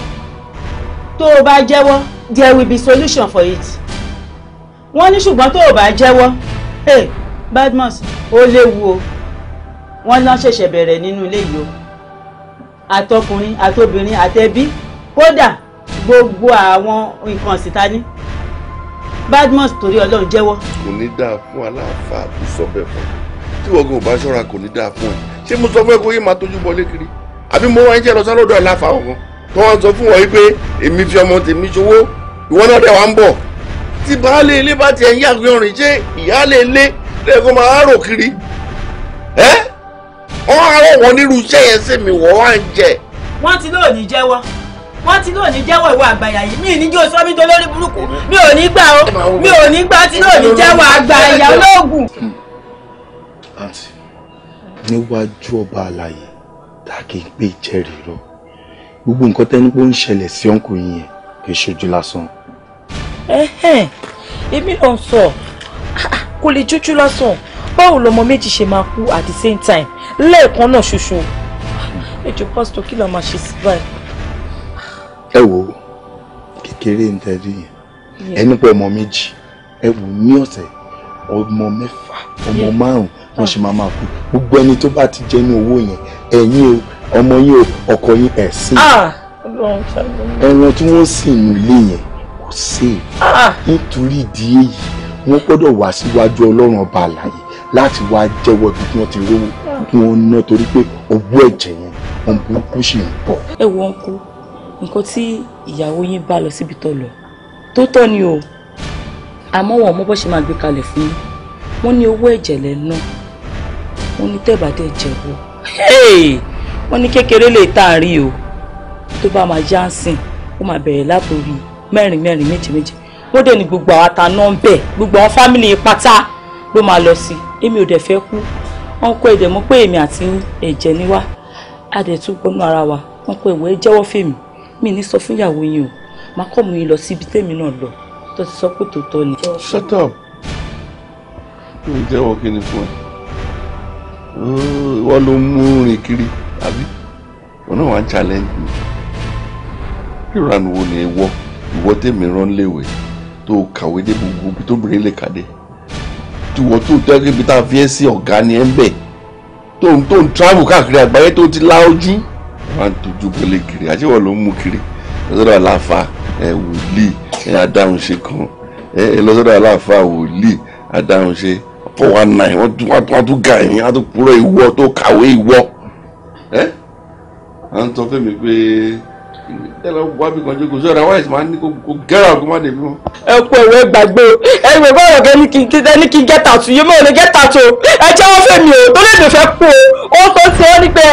tó o bá jẹ́wọ́ there will be solution for it wọ́n ní ṣùgbọ́n tó o bá jẹ́wọ́ hey Badmus ó léwu o wọ́n lọ ṣẹ̀ṣẹ̀ bẹ̀rẹ̀ nínú ilé yìí o àtọkùnrin àtobìnrin àtẹbí kódà gbogbo àwọn nǹkan síta ní Badmus torí Ọlọ́run jẹ́wọ́. kò ní dáa fún aláàfáà tó sọ bẹ́ẹ̀ fún mi tí wọ́n gan ò bá ṣọ́ra kò ní dáa fún ẹ ṣé mo sọ fún ẹ kó yé máa tójú bọ lékiri àbí mo rán ẹ jẹ́ lọ sálọ́dọ̀ aláàfáà ọ̀hún tó wọ́n sọ fún wọn wípé èmi fi ọmọ tèmi ṣòwò ìwọ náà dẹ̀ wá ń bọ̀ tí baálé ilé bá tiẹ̀ ń yàgbé ọ̀rìn ṣé ìyáálé ilé lẹ́ẹ̀kan máa rò kiri ẹ́ wọ́n arọ́ wọn nírú iṣẹ́ yẹn sí mi wọ́n wá ń jẹ. wọ́n ti lóò ní jẹ́wọ́ wọ́n ti lóò ní jẹ́wọ́ ìwà àgbàyà yìí mi ì ní jó sọ mi dolórí burúkú mi ò ní gbà ó mi ò ní gbà tí lóò ní jẹ́wọ́ àgbàyà olóògùn. àǹtí níwájú ọba àlàyé dákì ń pè jẹ́rìí rọ gbogbo nǹkan tẹ́ni pé ó ń ṣẹlẹ̀ sí ọ̀nkù yín yẹn kì í ṣojú lásán. èmi náà sọ kò lè jójú lásán báwo lọmọ méjì ṣe máa kú at the same time lẹ́ẹ̀kan náà ṣoṣo ètò pásítọ̀ kí la máa ṣe sí báyìí. ẹ wo kékeré ń tẹ́lẹ̀ yẹn ẹni pé ọmọ méjì ẹ wò ní ọ̀sẹ̀ ọmọ mẹ́fà ọmọ márùn-ún wọ́n ah. ṣe máa máa kú gbogbo ẹni tó bá ti jẹ́ ní owó yẹn ẹ̀yin o ọmọ yín ọkọ yín ẹ̀ ah! ẹran tí wọ́n sìn nù ilé yẹn kò sí ah! nítorí ìdí èyí wọ́n gbọ́dọ̀ wá síwájú ọlọ́run ọba àlàyé láti wá jẹ́wọ́ bí wọ́n ti rówó kí ná torí pé owó ẹ̀jẹ̀ yẹn wọn burúkú sì ń bọ̀. ẹ wo ń nǹkan tí ìyàwó yín bá lọ síbi tó lọ tó tọ́ ni o àmọ́ wọn mọ́ bó ṣe máa gbé kalẹ̀ fún yín wọ́n ní owó ẹ̀jẹ̀ lẹ́ ná wọ́n ní tẹ́bàdẹ́ jẹ̀wọ́ wọ́n ní kékeré lè tá a rí o tó bá máa já sìn ó máa bẹ̀rẹ̀ látòrí mẹ́rin mẹ́rin méje méje wọ́n dẹ̀ ní gbogbo àwọn ata náà ń bẹ̀ gbogbo àwọn fámìlì pátá ló máa lọ sí èmi ò dẹ̀ fẹ́ kú wọ́n kọ́ ẹ̀dẹ̀ mọ́ pé èmi àti ẹ̀jẹ̀ ni wá a dẹ̀ tún gbọ́nú ara wa wọ́n kọ́ ìwé jẹ́wọ́ fèmí mi ní sọ fún ìyàwó yín o máa kọ́ mu yín lọ síbi tèmi náà lọ tó ti sọ pé tòótọ́ ni. shut up mi jẹ́wọ́ kí ni fún ẹ ìwọ ló mú rìn kiri àbí wọn náà wàá ń challenge mi ìran wo ni ìwọ ìwọ tèmi rán léwe tó kàwé dé gbogbo tó bèrè lè kàdé tiwọ tó tẹ́gẹ́ ibi tá a fi ẹ́ sí ọ̀gá ni ẹ̀ ń bẹ̀ tó ń tó ń travel káàkiri àgbáyé tó ti la ojú wọn á tójú bọ́lé kiri àti ìwọ ló ń mú kiri lọ́sọ̀rọ̀ aláfa ẹ̀ wòlíì ẹ̀ adáhunṣe kan ẹ̀ lọ́sọ̀rọ̀ aláfa wòlíì adáhunṣe four one nine wọ́n tún wá tún ga ẹ̀yìn wọ́n tún kúrò ìwọ tó kàwé ìwọ ẹ́ à ń tọ́ fẹ́mi pé tẹ́lẹ̀ wá bí kan jókòó sọ́ra wáyé máa ní kó gẹ́rà kó má dé bí wọn. ẹ kú ẹ̀rọ ẹ gbàgbé o ẹ rẹ bá ọ̀gá ní kí ẹ ní kí gẹ́tà tù yé mọ́ ní gẹ́tà tó ẹ jẹ́wọ́ fèmí o tó lè dè fẹ́ kú o ó sọ sí ọ ní pé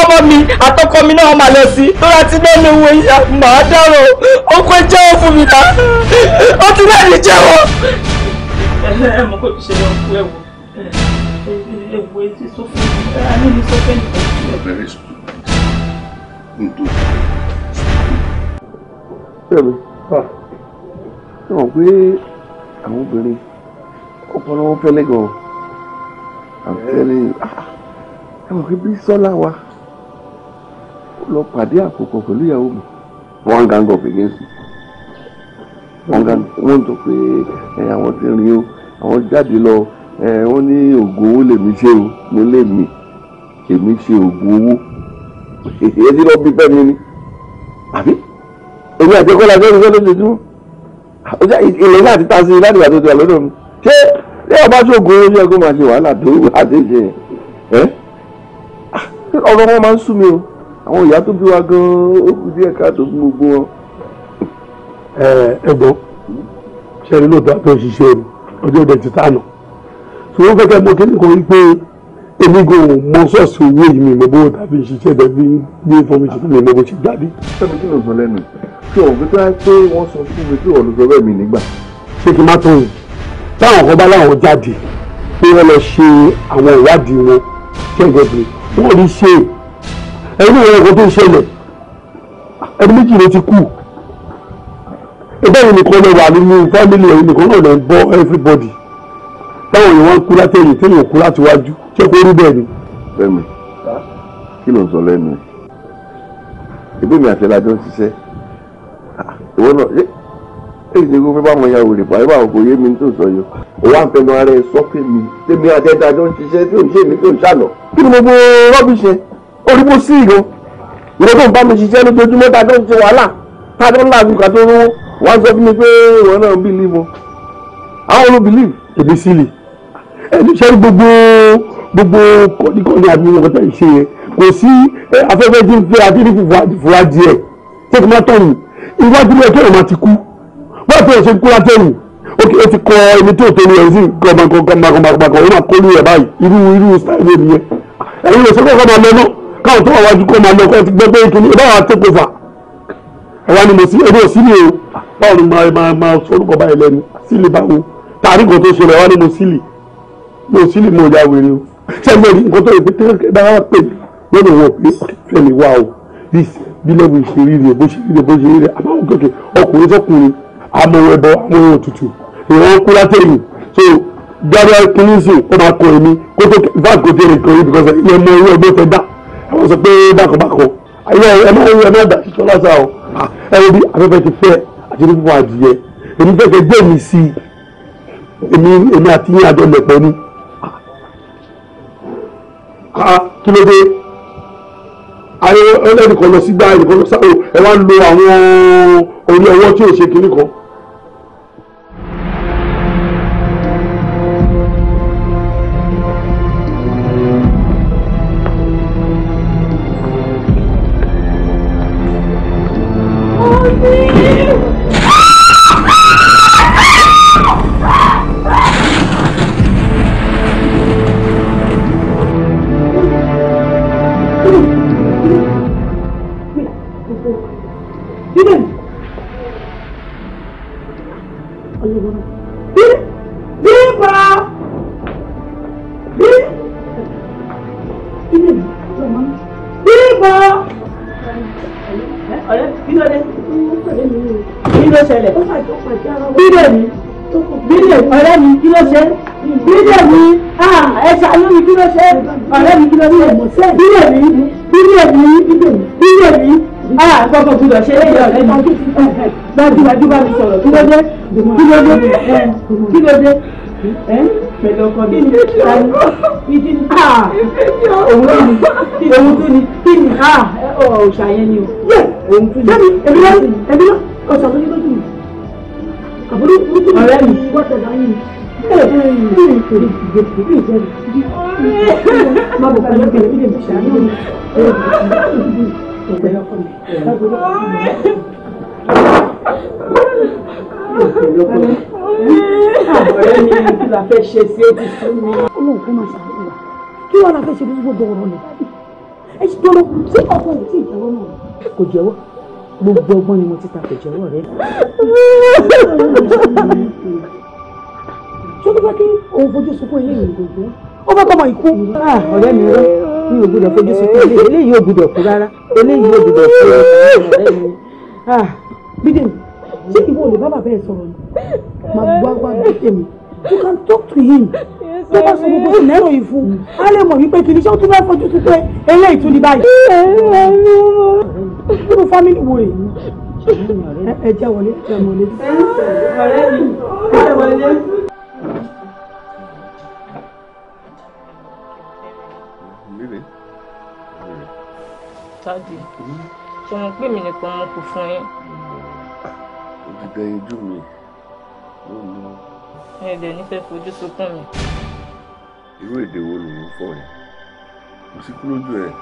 ọmọ mi àtọkọ mi náà máa lọ sí tó láti náà ní owó ìyá màá dárò ó kó jẹ́wọ́ fún mi ta ó ti náà ní jẹ́wọ́. ẹ ẹ mọ kó ṣe lọ lè wo etí sófin ìfẹ́ra níbi sófin ìfẹ́. very stupid ntò bẹ́ẹ̀ni ṣe mọ̀ pé àwọn obìnrin ọpọlọ fẹ́lẹ́ gan àfẹlẹ eh. ah, ah. ẹ mọ̀ pé bí sọlá wa ó lọ pàdé àkókò pẹ̀lú ìyàwó mi one gang of against one gang wọn tó pé àwọn ti rìn o àwọn jáde lọ ẹ wọ́n ní oògùn owó lèmi ṣe o mo lèmi èmi ṣe oògùn owó èyí ló bí fẹ́mi ni àbí èmi àti ẹ̀kọ́ la fẹ́ mi sọ́dọ̀ tuntun ilẹ̀ náà ti ta sí i láti ìgbà tó ti wà lọ́dọ̀ mi ṣé ṣé ọba tó oògùn owó ṣe kó máa ṣe wàhálà tó àti ṣe ẹ ọ̀rọ̀ wọn máa ń sú mi o àwọn ìyá tó bí wa gan-an ó kù díẹ̀ káàtó fún gbogbo wọn. ẹ ẹ gbọ́ ṣe é lóòótọ́ àti òṣìṣẹ́ ọjọ́ ìdẹ̀tì tánà tí wọ́n fẹ́kẹ́ mọ kíní kan wípé èmi kò mọ sọ́ọ̀sì owó yìí mi mọ̀ bó tàbí ṣiṣẹ́ tàbí ní information mi mọ̀ bó ṣe jáde. sẹ́mi kí ló sọ lẹ́nu ṣé òun fipá pé wọ́n sọ fún mi pé ọ̀lùsọ bẹ́ẹ̀ mi nígbà. ṣé kí n má tó yìí táwọn kan bá láwọn jáde pé wọ́n lọ ṣe àwọn ìwádìí wọn ṣẹ́gẹ̀dẹ̀ wọ́n rí ṣe ẹni ìwọ̀n kan tó ń ṣẹlẹ̀ ẹni méjì ló ti kú ẹgbẹ́ yìí lọ wà nínú fámìlì ẹ̀yìn náà lọ ń everybody báwo ni wọ́n ń kú látẹ̀yìn téèyàn kú láti wájú ṣé kó rí bẹ́ẹ̀ ni. bẹ́ẹ̀ni kí ló ń sọ lẹ́nu ẹ̀ ìbémi àti ẹ̀lájọ́ ń ṣiṣẹ́ ah, ìwọ náà ṣé èyí ṣe kó fẹ́ bá wọn ya òrè pàdé báwọn kò yé mi tó sọ yìí o wá ń fẹnu ara ẹ sọ pé mi tèmi àti ẹ̀dájọ́ ń ṣiṣẹ́ tí ò ń ṣe mi tó ń ṣàlọ. kí ni mo bó rọ́bì ṣe orí bó sí ìlú ìwọ tó ń bá mi ṣiṣẹ́ lójoojúmọ́ tá a jọ ń ṣe wàhálà tá a jọ ń làgùn kà tó rówó wá sọ fún mi pé ìwọ náà ń bìlì mo àwọn olùbìlì èdè sílì ẹni ṣe gbogbo gbogbo kọ́nìkọ́nì àbí wọn tẹ̀ ṣe yẹn kò sí afẹ́fẹ́ tí ń fẹ́ adírí fúra díẹ̀ tẹ́ fi máa tọ̀hún iwájú rẹ̀ tó yẹ máa ti kú wọ́n tó yẹ ṣe kú látẹ̀yìn ok o ti kọ ẹni tó tó ní ẹ̀ sí gbọ̀ngbọ̀ngbọ̀ngbọ̀ngbọ̀ ó máa kó ní ẹ̀ báyìí irú irú style mi yẹn ẹ̀yin lè ṣe kọ́kọ́ máa lọ náà káwọn tó wà wájú kọ́ máa lọ kọ́ ti gbẹ́gbẹ́ ìkíní ìbáwọ̀ àtẹ́kọ̀ọ́ fà ẹ̀wá ni mo sí èmi sí ni o báwo ni máa máa sọ́rùkọ báyìí lẹ́nu sílì báwo tàrí kan mo sì lè mọ ọjà wèrè o ṣẹ́gbẹ́ rí nǹkan tó yẹ pé tẹ́lẹ̀ dára pè mí lónìí wọn pé ọ̀kẹ́fẹ́ mi wá o bí lẹ́gùn ṣe rí rẹ̀ bó ṣe rí rẹ̀ bó ṣe rí rẹ̀ àbáwọn kẹ̀kẹ́ ọkùnrin sọkùnrin amọ̀wọ̀ ẹ̀bọ amọ̀wọ̀ òtútù èèyàn kú látẹ̀yìn so gabriel kunisi ó máa kọ èmi kó tó báàgì kò tẹ̀lé kọ yìí because ìyẹn mọ owó ẹgbẹ́ fẹ́ dá àwọn sọ pé bákọ̀bákọ̀ ayé ẹ máa ń dà sísọ lásà o ẹ wo bí afẹ́fẹ́ ti fẹ́ àti ní fífọ adìyẹ èmi fẹ́ fẹ́ gbé mi sí i èmi àti yín àjọ lẹ̀pọ̀ ni kí ló dé ayé ẹnìkan lọ sígbà ẹnìkan lọ sáwọ ẹ wá lo àwọn orí ọwọ́ tí ò ṣe kinní kan. ẹ ṣàánú mi kí ló ṣe ọ̀rẹ́ mi kí ló ṣe bílẹ̀ mi bílẹ̀ mi bílẹ̀ mi ah gbọ́dọ̀ gbọ́dọ̀ ṣe lẹ́yìn ọ̀rẹ́ mi gbajúgbajú bá mi sọ̀rọ̀ kí ló dé kí ló dé kí ló dé pẹ̀lú ọkọ mi ìdí ìdí òun tó ni òun tó ni kí ni ọ̀ṣà yẹn ni o òun tó ni èmi lọ èmi lọ ọ̀ṣà tó ní lójú mi àbúrò ọ̀rẹ́ mi wọ́n tẹ̀lé ayé ọ̀rẹ́ kí wọn la fẹ́ ṣe lójú gbogbo ọ̀rọ̀ rẹ̀ ẹ ṣe tó lọ sí ọkọ rẹ̀ tí ìjẹ́wọ́ náà kò jẹ́wọ́ gbogbo ọgbọ́n ni mo ti ta kò jẹ́wọ́ rẹ̀ tó tó bá kí òun fojú sunkún ilé yìí gbogbo ó fẹ́ kọ́mọ ikú. Ah, ọ̀rẹ́ mi rẹ mi ò gbọdọ̀ fojú sunkún ilé eléyìí ò gbọdọ̀ kú rárá eléyìí ò gbọdọ̀ kú ọ̀rẹ́ mi. Ah, bídèmí ṣé ìwọ ò lè bá bàbá ẹ sọ̀rọ̀ ni màá gbọ́ àgbà bídèmí you can talk to him tó bá sọ gbogbo sí lẹ́rọ yìí fún a lè mọ̀ wípé kìíní ṣé ó tún bá fojú sí pé eléyìí tún ní báyìí. nínú fámìlì wo èyí ẹ jẹ́ wọlé ẹ wọlé. ẹ ń sọ̀rọ̀ ọ̀rẹ́ mi ẹ wọlé. Bébé. Tádì, mm-hmm. ṣé mo pè mí nìkan mo kò fún yín? Òdìdẹ ojú mi ló lọ. Ẹ dẹ̀ nífẹ̀ẹ́ fojú sunkún mi. Irú èdè wo ló ń fọ̀ yẹn? Kò sí kúrò jù ẹ̀.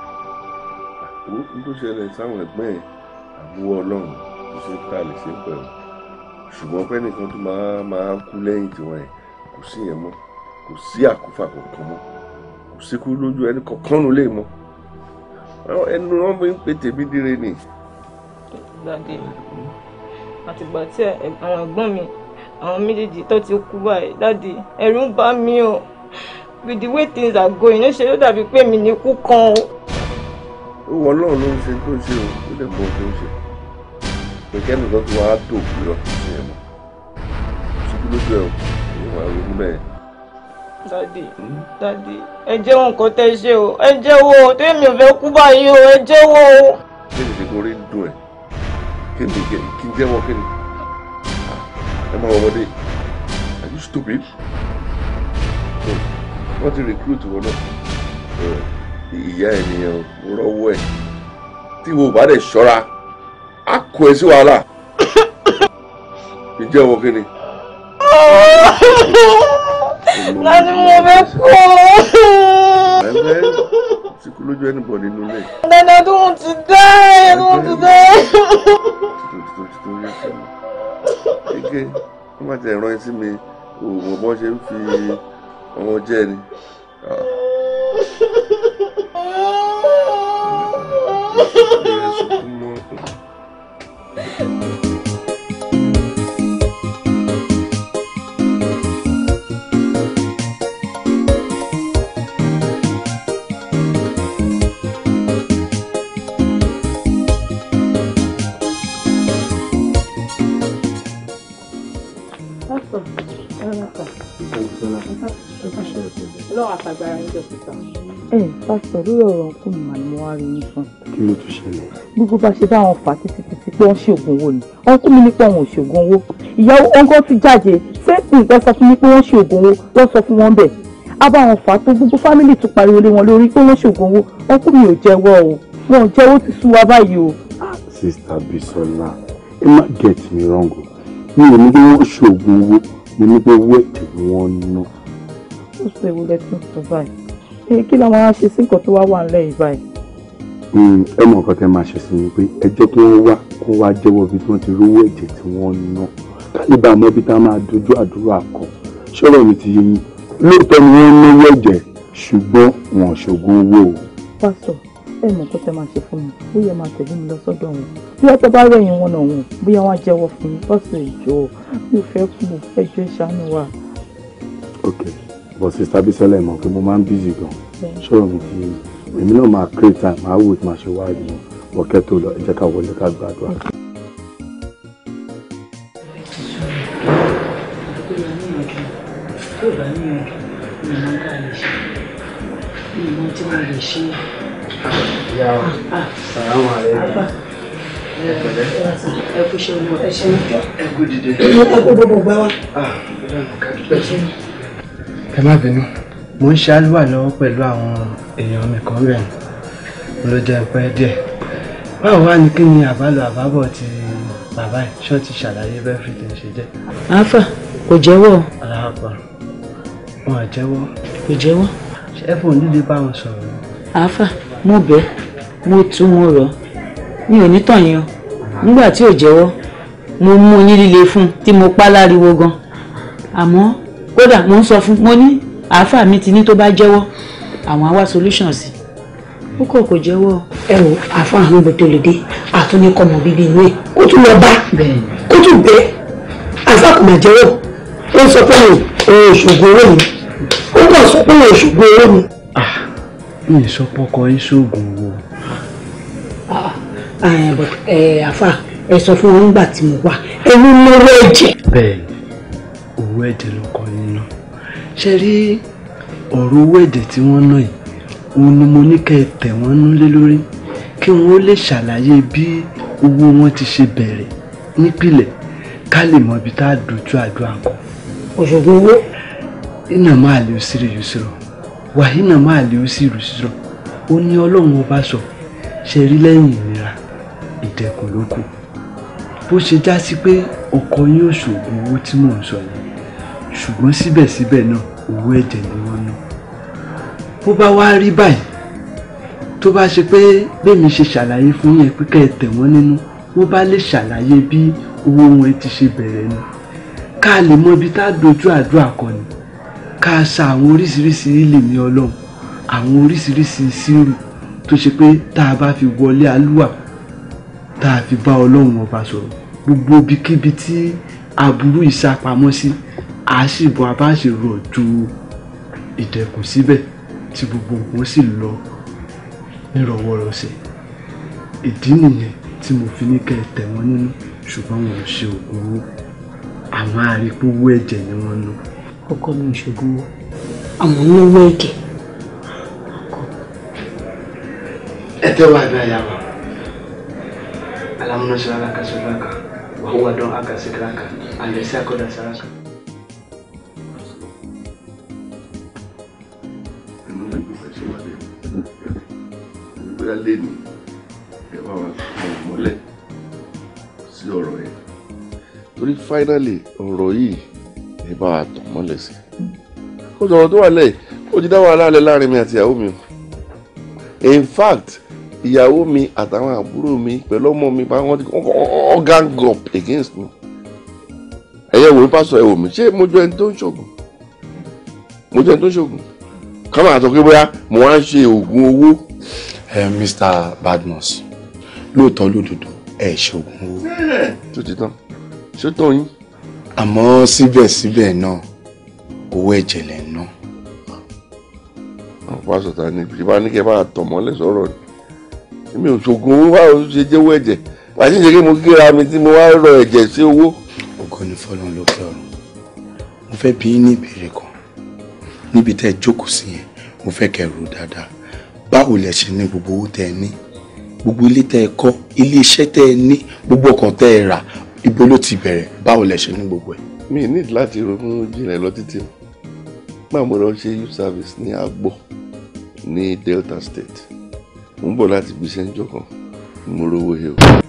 Òun tó ṣẹlẹ̀ sáwọn ẹ̀gbọ́n ẹ̀ àbúrò ọlọ́run kò sí ká lè ṣe pẹ̀lú. Ṣùgbọ́n pẹ́nìkan tó máa máa kú lẹ́yìn tiwọn yẹn kò sí yẹn mọ́ kò sí àkúfà kankan mọ́ kò síkú lójú ẹni kankan ló lè mọ́ ẹnu wọn fi ń pe tèmi dire ni. gbàdé àtìgbà tí àwọn ẹ̀gbọ́n mi àwọn méjèèjì tó ti kú báyìí dáàdi ẹ̀rù ń bà mí o with the way things are going ó ṣe ló dàbí pé mi ní kú kan o. ó wọ ọlọ́run ló ń ṣe tó ń ṣe o ó dẹ̀ mọ̀ tó ń ṣe pé kẹ́mi kan tó wá tó òkú lọ sí ẹ̀ mọ́ ṣubú lójú ẹ̀ o wà ronú bẹ́ẹ̀. dadi hmm? dadi ẹ jẹ́wọ́ nǹkan tẹ́ ṣe o ẹ jẹ́wọ́ tèmi ò fẹ́ kú báyìí o ẹ jẹ́wọ́ o. kí ni ìdìbò orí ń dùn ẹ kí ni kí n jẹ́wọ́ kí ni ah, ẹ máa wọmọdé are you stupid? Hmm. wọ́n ti recruit wọn náà hmm. ìyá ènìyàn rọ́wọ́ ẹ̀ tí wo bá dẹ̀ ṣọ́ra á kó ẹ sí wàhálà ìjẹ́wọ́ kí ni láti mo fẹ́ kú. ẹgbẹ́ tí kú lójú ẹni bọ̀ nínú ilé. dandan tó ń ti dá ẹ tó ń ti dá ẹ. títò títò títò ike wọ́n máa ti ẹ̀rọ sí mi òògùn bọ́ ṣe ń fi ọmọ jẹ́ ni. Thank ah. sọ ọlọ́run àtàgbára ń jọ síta. ẹ pásítọ̀ lórí ọ̀rọ̀ ọkùn mi màá gbogbo bá ṣe bá fà títí títí pé wọ́n ṣoògùn owó ni ọkùn mi ní àwọn ò owó ìyàwó ọgọ́ tún jáde fẹ́ẹ̀sì nǹkan sọ fún mi pé wọ́n ṣoògùn owó wọ́n sọ fún wọn bẹ́ẹ̀ a fà tó gbogbo fámìlì tún pariwo lé wọn lórí pé wọ́n ṣoògùn owó ọkùn mi ò jẹ́wọ́ o wọn ò jẹ́wọ́ ti sú wa báyìí o. sista Bisola ẹ má get me wrong o mi ò ní kí wọ́n ṣoògùn owó mo ní pé owó ẹ̀jẹ̀ ni wọ́n ná. ó ṣe ewu lẹ́tún tó báyìí kí ló máa ṣe sí nǹkan tó wá wà ńlẹ̀ yìí báyìí. Hmm, ẹ mọ nǹkan tẹ máa ṣe sí ni pé ẹjọ́ kí wọ́n wá kó wá jẹ́wọ́ bí wọ́n ti rówó ẹ̀jẹ̀ tí wọ́n ná kálíbà mọ́ bí tá a máa dojú àdúrà kọ ṣọ́rọ̀ mi ti yé yín lóòótọ́ ni wọ́n náwó ẹ̀jẹ̀ ṣùgbọ́n wọn ṣoògùn owó pásítọ̀ fẹ́ mọ̀ kó tẹ́ máa ṣe fún mi bóyá máa tẹ̀lé mi lọ sọ́dọ̀ wọn bí ọtọ bá rẹ̀yìn wọn náà wọn bóyá wọn á jẹ́wọ́ fún mi lọ́sẹ̀ ìjọ mi ò fẹ́ kú ẹjọ́ ìṣàánú wa. ok but sista Bísọ́lá mọ̀ pé mo máa ń bízì gan ṣọ́rọ̀ mi kì í èmi náà máa create time máa wò tí máa ṣe wáyé mi wọ́kẹ́ tó lọ ẹ ká wọlé ká gbàdúrà. tó bá a lè ìyá wa sàrámù àlejò ẹ kú ṣe olú ẹ ṣe ẹ kú dìde ẹ kú gbogbo gbá wa. ẹ má bínú mo ń ṣe àlùwà lọ́wọ́ pẹ̀lú àwọn èèyàn mi kan rẹ̀ mo ló jẹ́ pẹ́ díẹ̀ báwo wá ni kí ni àbálò àbábọ̀ ti bàbá ẹ̀ ṣọ́ ti ṣàlàyé bẹ́ẹ̀ fi tẹ̀ ṣe jẹ́. àáfà kò jẹ́wọ́. aláàpá wọn ò jẹ́wọ́. kò jẹ́wọ́. ṣé ẹ fún òní lè bá wọn sọ̀rọ̀. àáfà mo bẹ̀ mo tú mo rọ̀ mi ò ní tàn yín o nígbà tí ò jẹ́wọ́ mo mú yín líle fún un tí mo pa láriwo gan àmọ́ kódà mo ń sọ fún mo ní àáfàá mi ti ní tó bá jẹ́wọ́ àwọn á wá solution sí ó kò kò jẹ́wọ́. ẹ wo àáfàá àwọn ibi tó lè dé àtúnikọ́ mọ̀ bíbí inú ẹ̀ kó tún lọ bá kó tún bẹ́ẹ̀ àáfàá kò mà jẹ́wọ́ ó sọ pé òun òṣùgbọ́n owó ni ó kàn sọ pé òun òṣùgbọ́n owó ni mi ì sọ pọkọ yín sóògùn wo. àfà ẹ sọ fún wọn nígbà tí mo wà ẹni lówó ẹ̀jẹ̀. bẹ́ẹ̀ owó ẹ̀jẹ̀ lọkọ yín náà ṣe rí ọ̀rọ̀ owó ẹ̀jẹ̀ tí wọ́n ná yìí òun ni mo ní kẹ́ ẹ tẹ̀ wọ́n núlé lórí kí wọ́n lè ṣàlàyé bí owó wọn ti ṣe bẹ̀rẹ̀ nípìnlẹ̀ ká lè mọ ibi tá a dojú àdúrà kan. òṣogbo owó. iná máa lè ṣeré yusuf wàhínà máa lè ó sì rù sísọ ó ní ọlọ́run ọba sọ ṣe rí lẹ́yìn ìnira ìdẹ̀kùn ló kù bó ṣe já sí pé ọkọ yín ò ṣògùn owó tí mò ń sọ yìí ṣùgbọ́n síbẹ̀síbẹ̀ náà owó ẹ̀jẹ̀ ni wọ́n ná bó bá wá rí báyìí tó bá ṣe pé bẹ́ẹ̀mi ṣe ṣàlàyé fún yẹn pé kẹ́ ẹ tẹ̀ wọ́n nínú bó bá lè ṣàlàyé bí owó wọn ti ṣe bẹ̀rẹ̀ ni ká lè mọ ibi tá a dojú àdúrà kọ ni ká sa àwọn oríṣiríṣi ìlèmí ọlọ́run àwọn oríṣiríṣi sírù tó ṣe pé tá a bá fi wọlé alúwà tá a fi bá ọlọ́run ọba sọ̀rọ̀ gbogbo ibikíbi tí aburú ìsapamọ́ sí àṣìbò abáṣerò ju ìdẹ̀kùn síbẹ̀ tí gbogbo nǹkan sì lọ nírọ̀wọ́rọ̀sẹ̀ ìdí nìyẹn tí mo fi ní kẹ́ ẹ tẹ̀ wọ́n nínú ṣùgbọ́n wọn ò ṣe òògùn àwọn àrípò owó ẹ̀jẹ̀ ni wọ́n ń ọkọ mi ìṣògùn wọn àwọn olówó ẹ̀kẹ́ ọkọ. ẹ tẹ́wọ́ àdúrà yà wá alámúná sọ́ra ká sọ́ra ká wàhùwà dán àgà síkírà ká àlẹ́ sí àkọ́dà sára ká. bóyá lẹ́nu ẹ bá wa mọ̀ mọ́lẹ̀ sí ọ̀rọ̀ yẹn torí finally ọ̀rọ̀ yìí ní bá a tàn mọ́lẹ̀ sí kó sọ̀rọ̀ tó wà lẹ́yìn kó ti dá wàhálà lẹ láàrin mi àti ìyàwó mi in fact ìyàwó mi àtàwọn àbúrò mi pẹ̀lú ọmọ mi bá wọn all gang up against me ẹ̀yẹ wò ó bá sọ ẹ̀ wò mí ṣé mo jọ ẹni tó ń ṣògùn mo jọ ẹni tó ń ṣògùn ká máa pé bóyá mo wá ń ṣe oògùn owó. Mr. Badmus lóòótọ́ lódodo ẹ̀ ṣe oògùn owó. tó ti tán ṣé tó yín àmọ́ síbẹ̀síbẹ̀ náà owó ẹ̀jẹ̀ lẹ̀ ń ná. pásítọ̀ ta ni ìbá ní kẹ́ bá tọ̀mọ́lẹ̀ sọ̀rọ̀ ni èmi ò ṣògùn owó báwo ṣe jẹ́wọ́ ẹ̀jẹ̀ pàṣẹ ìṣèké mo kíra mi tí mo wá rọ ẹ̀jẹ̀ sí owó. ògo ni fọlọ́n ló fẹ́ ọ̀run mo fẹ́ bi yín ní ìbéèrè kan níbi tẹ́ ẹ jókòó sí yẹn mo fẹ́ kẹ́ rò dáadáa báwo lẹ ṣe ní gbogbo owó tẹ́ ẹ ní gbogbo ilé tẹ́ ẹ kọ́ ilé iṣẹ́ tẹ́ ẹ ní gbogbo ọkọ̀ tẹ́ ẹ rà ibo ló ti bẹ̀rẹ̀ báwo lẹ ṣe ní gbogbo ẹ̀. mi ní láti ronú jinlẹ̀ lọ títí máa mo ṣe youth service ní Agbo ní Delta State mo ń bọ̀ láti gbèsè ń jọkàn mo rówó he o.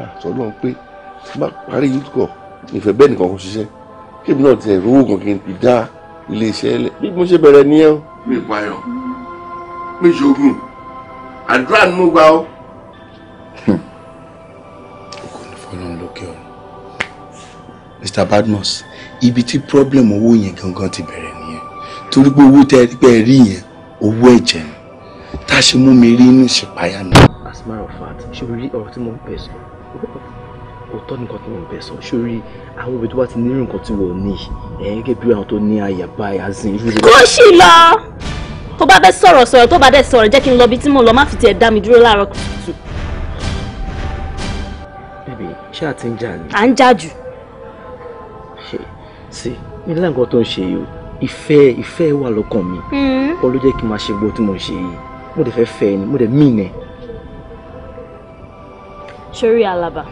gbàdúrà sọlọ́run pé má parí youth corps ìfẹ́ bẹ́ẹ̀ nìkan kan ṣiṣẹ́ kébì náà tiẹ̀ rówó kan kí n fi dá iléeṣẹ́ lẹ̀ bí mo ṣe bẹ̀rẹ̀ nìyẹn. mi ìpayọ mi ìṣògùn àdúrà ni mo gbà ọ. ògo ni fọlọ́run lókè ọ̀run Mr. Badmus ibi tí problem owó yẹn gangan ti bẹ̀rẹ̀ nìyẹn torí pé owó tẹ́ ẹ rí yẹn owó ẹ̀jẹ̀ ni tá a ṣe mú mi rí inú ìṣèpáyà náà. as a matter of fact ṣe orí ọ̀rọ̀ tí mo ń pèsè òótọ́ nìkan tí mo ń bẹ̀ sọ sórí àwọn obìnrin tó bá ti ní irú nǹkan tí wọ́n ní ẹ̀ẹ́gẹ́ bí àwọn tó ní àyàbá àzìn irú rẹ̀. kó sì lọ tó bá fẹ́ sọ̀rọ̀ sọ̀rọ̀ tó bá dẹ̀ sọ̀rọ̀ jẹ́ kí n lọ bí tí mo lọ má fi tiẹ̀ dá mi dúró láàárọ̀ kùtù. bèbè ṣé àti ń jà ni. à ń jà jù. ṣe sí mi láǹkan tó ń ṣe yìí ìfẹ́ ìfẹ́ wà lọ́kàn mi hmm. ó ló jẹ́ kí n máa ṣe gbogbo tí mo ń ṣe yìí mo dẹ̀ fẹ́ fẹ́ ni mo dẹ̀ mí ni. sórí alaba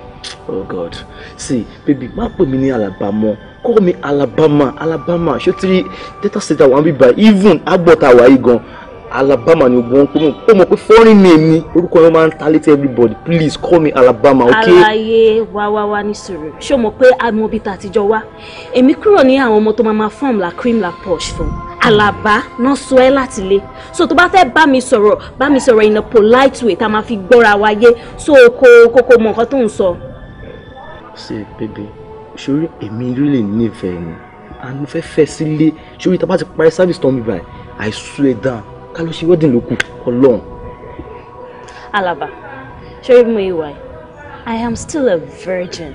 oh god see baby má pè mí ní alabama call me alabama alabama ṣé tí data center wà ń bíbá even agbọ́ta wà yìí gan alabama ni gbọ́n pé mo pé mo pé foreign name ni orúkọ yẹn máa ń talate everybody please call me alabama ok. alaye wa wa wa ní sùúrù ṣé o mọ̀ pé amọ̀bi tà àtijọ́ wa èmi kúrò ní àwọn ọmọ tó máa máa form la cream la posh fún alaba náà sọ ẹ́ láti lé so tó bá fẹ́ bá mi sọ̀rọ̀ bá mi sọ̀rọ̀ in a polite way tá a máa fi gbọ́ra wa so kò kò kò mọ̀ nǹkan tó ń sọ. So say baby ṣorí èmi really nífẹ̀ẹ́ ni àánú fẹ́ fẹ́ sílé ṣorí tá a bá ti parí service tán mi báyìí I swear down ká ló ṣe wedding ló kù ọlọ́run. Alaba ṣorí mo yí wáyé I am still a virgin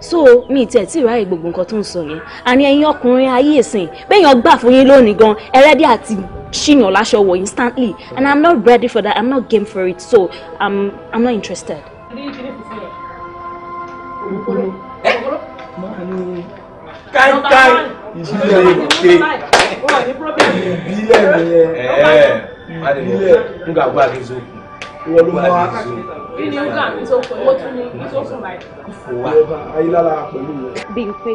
so mi tiẹ̀ tí ìráyè gbogbo nǹkan tó ń sọ yẹn àní ẹ̀yin ọkùnrin ayé ìsìn bẹ́ẹ̀yàn gbà fún yín lónìí gan ẹlẹ́dí àti ṣìyàn láṣọ wọ̀ instantly and I'm not ready for that I'm not game for it so I'm um, I'm not interested kòkòrò kòkòrò. máa ní káíkáí ìbílẹ̀ òkè nga gba mi so wọ́n ló máa ń so. kí ni nga mi so kò bí n pé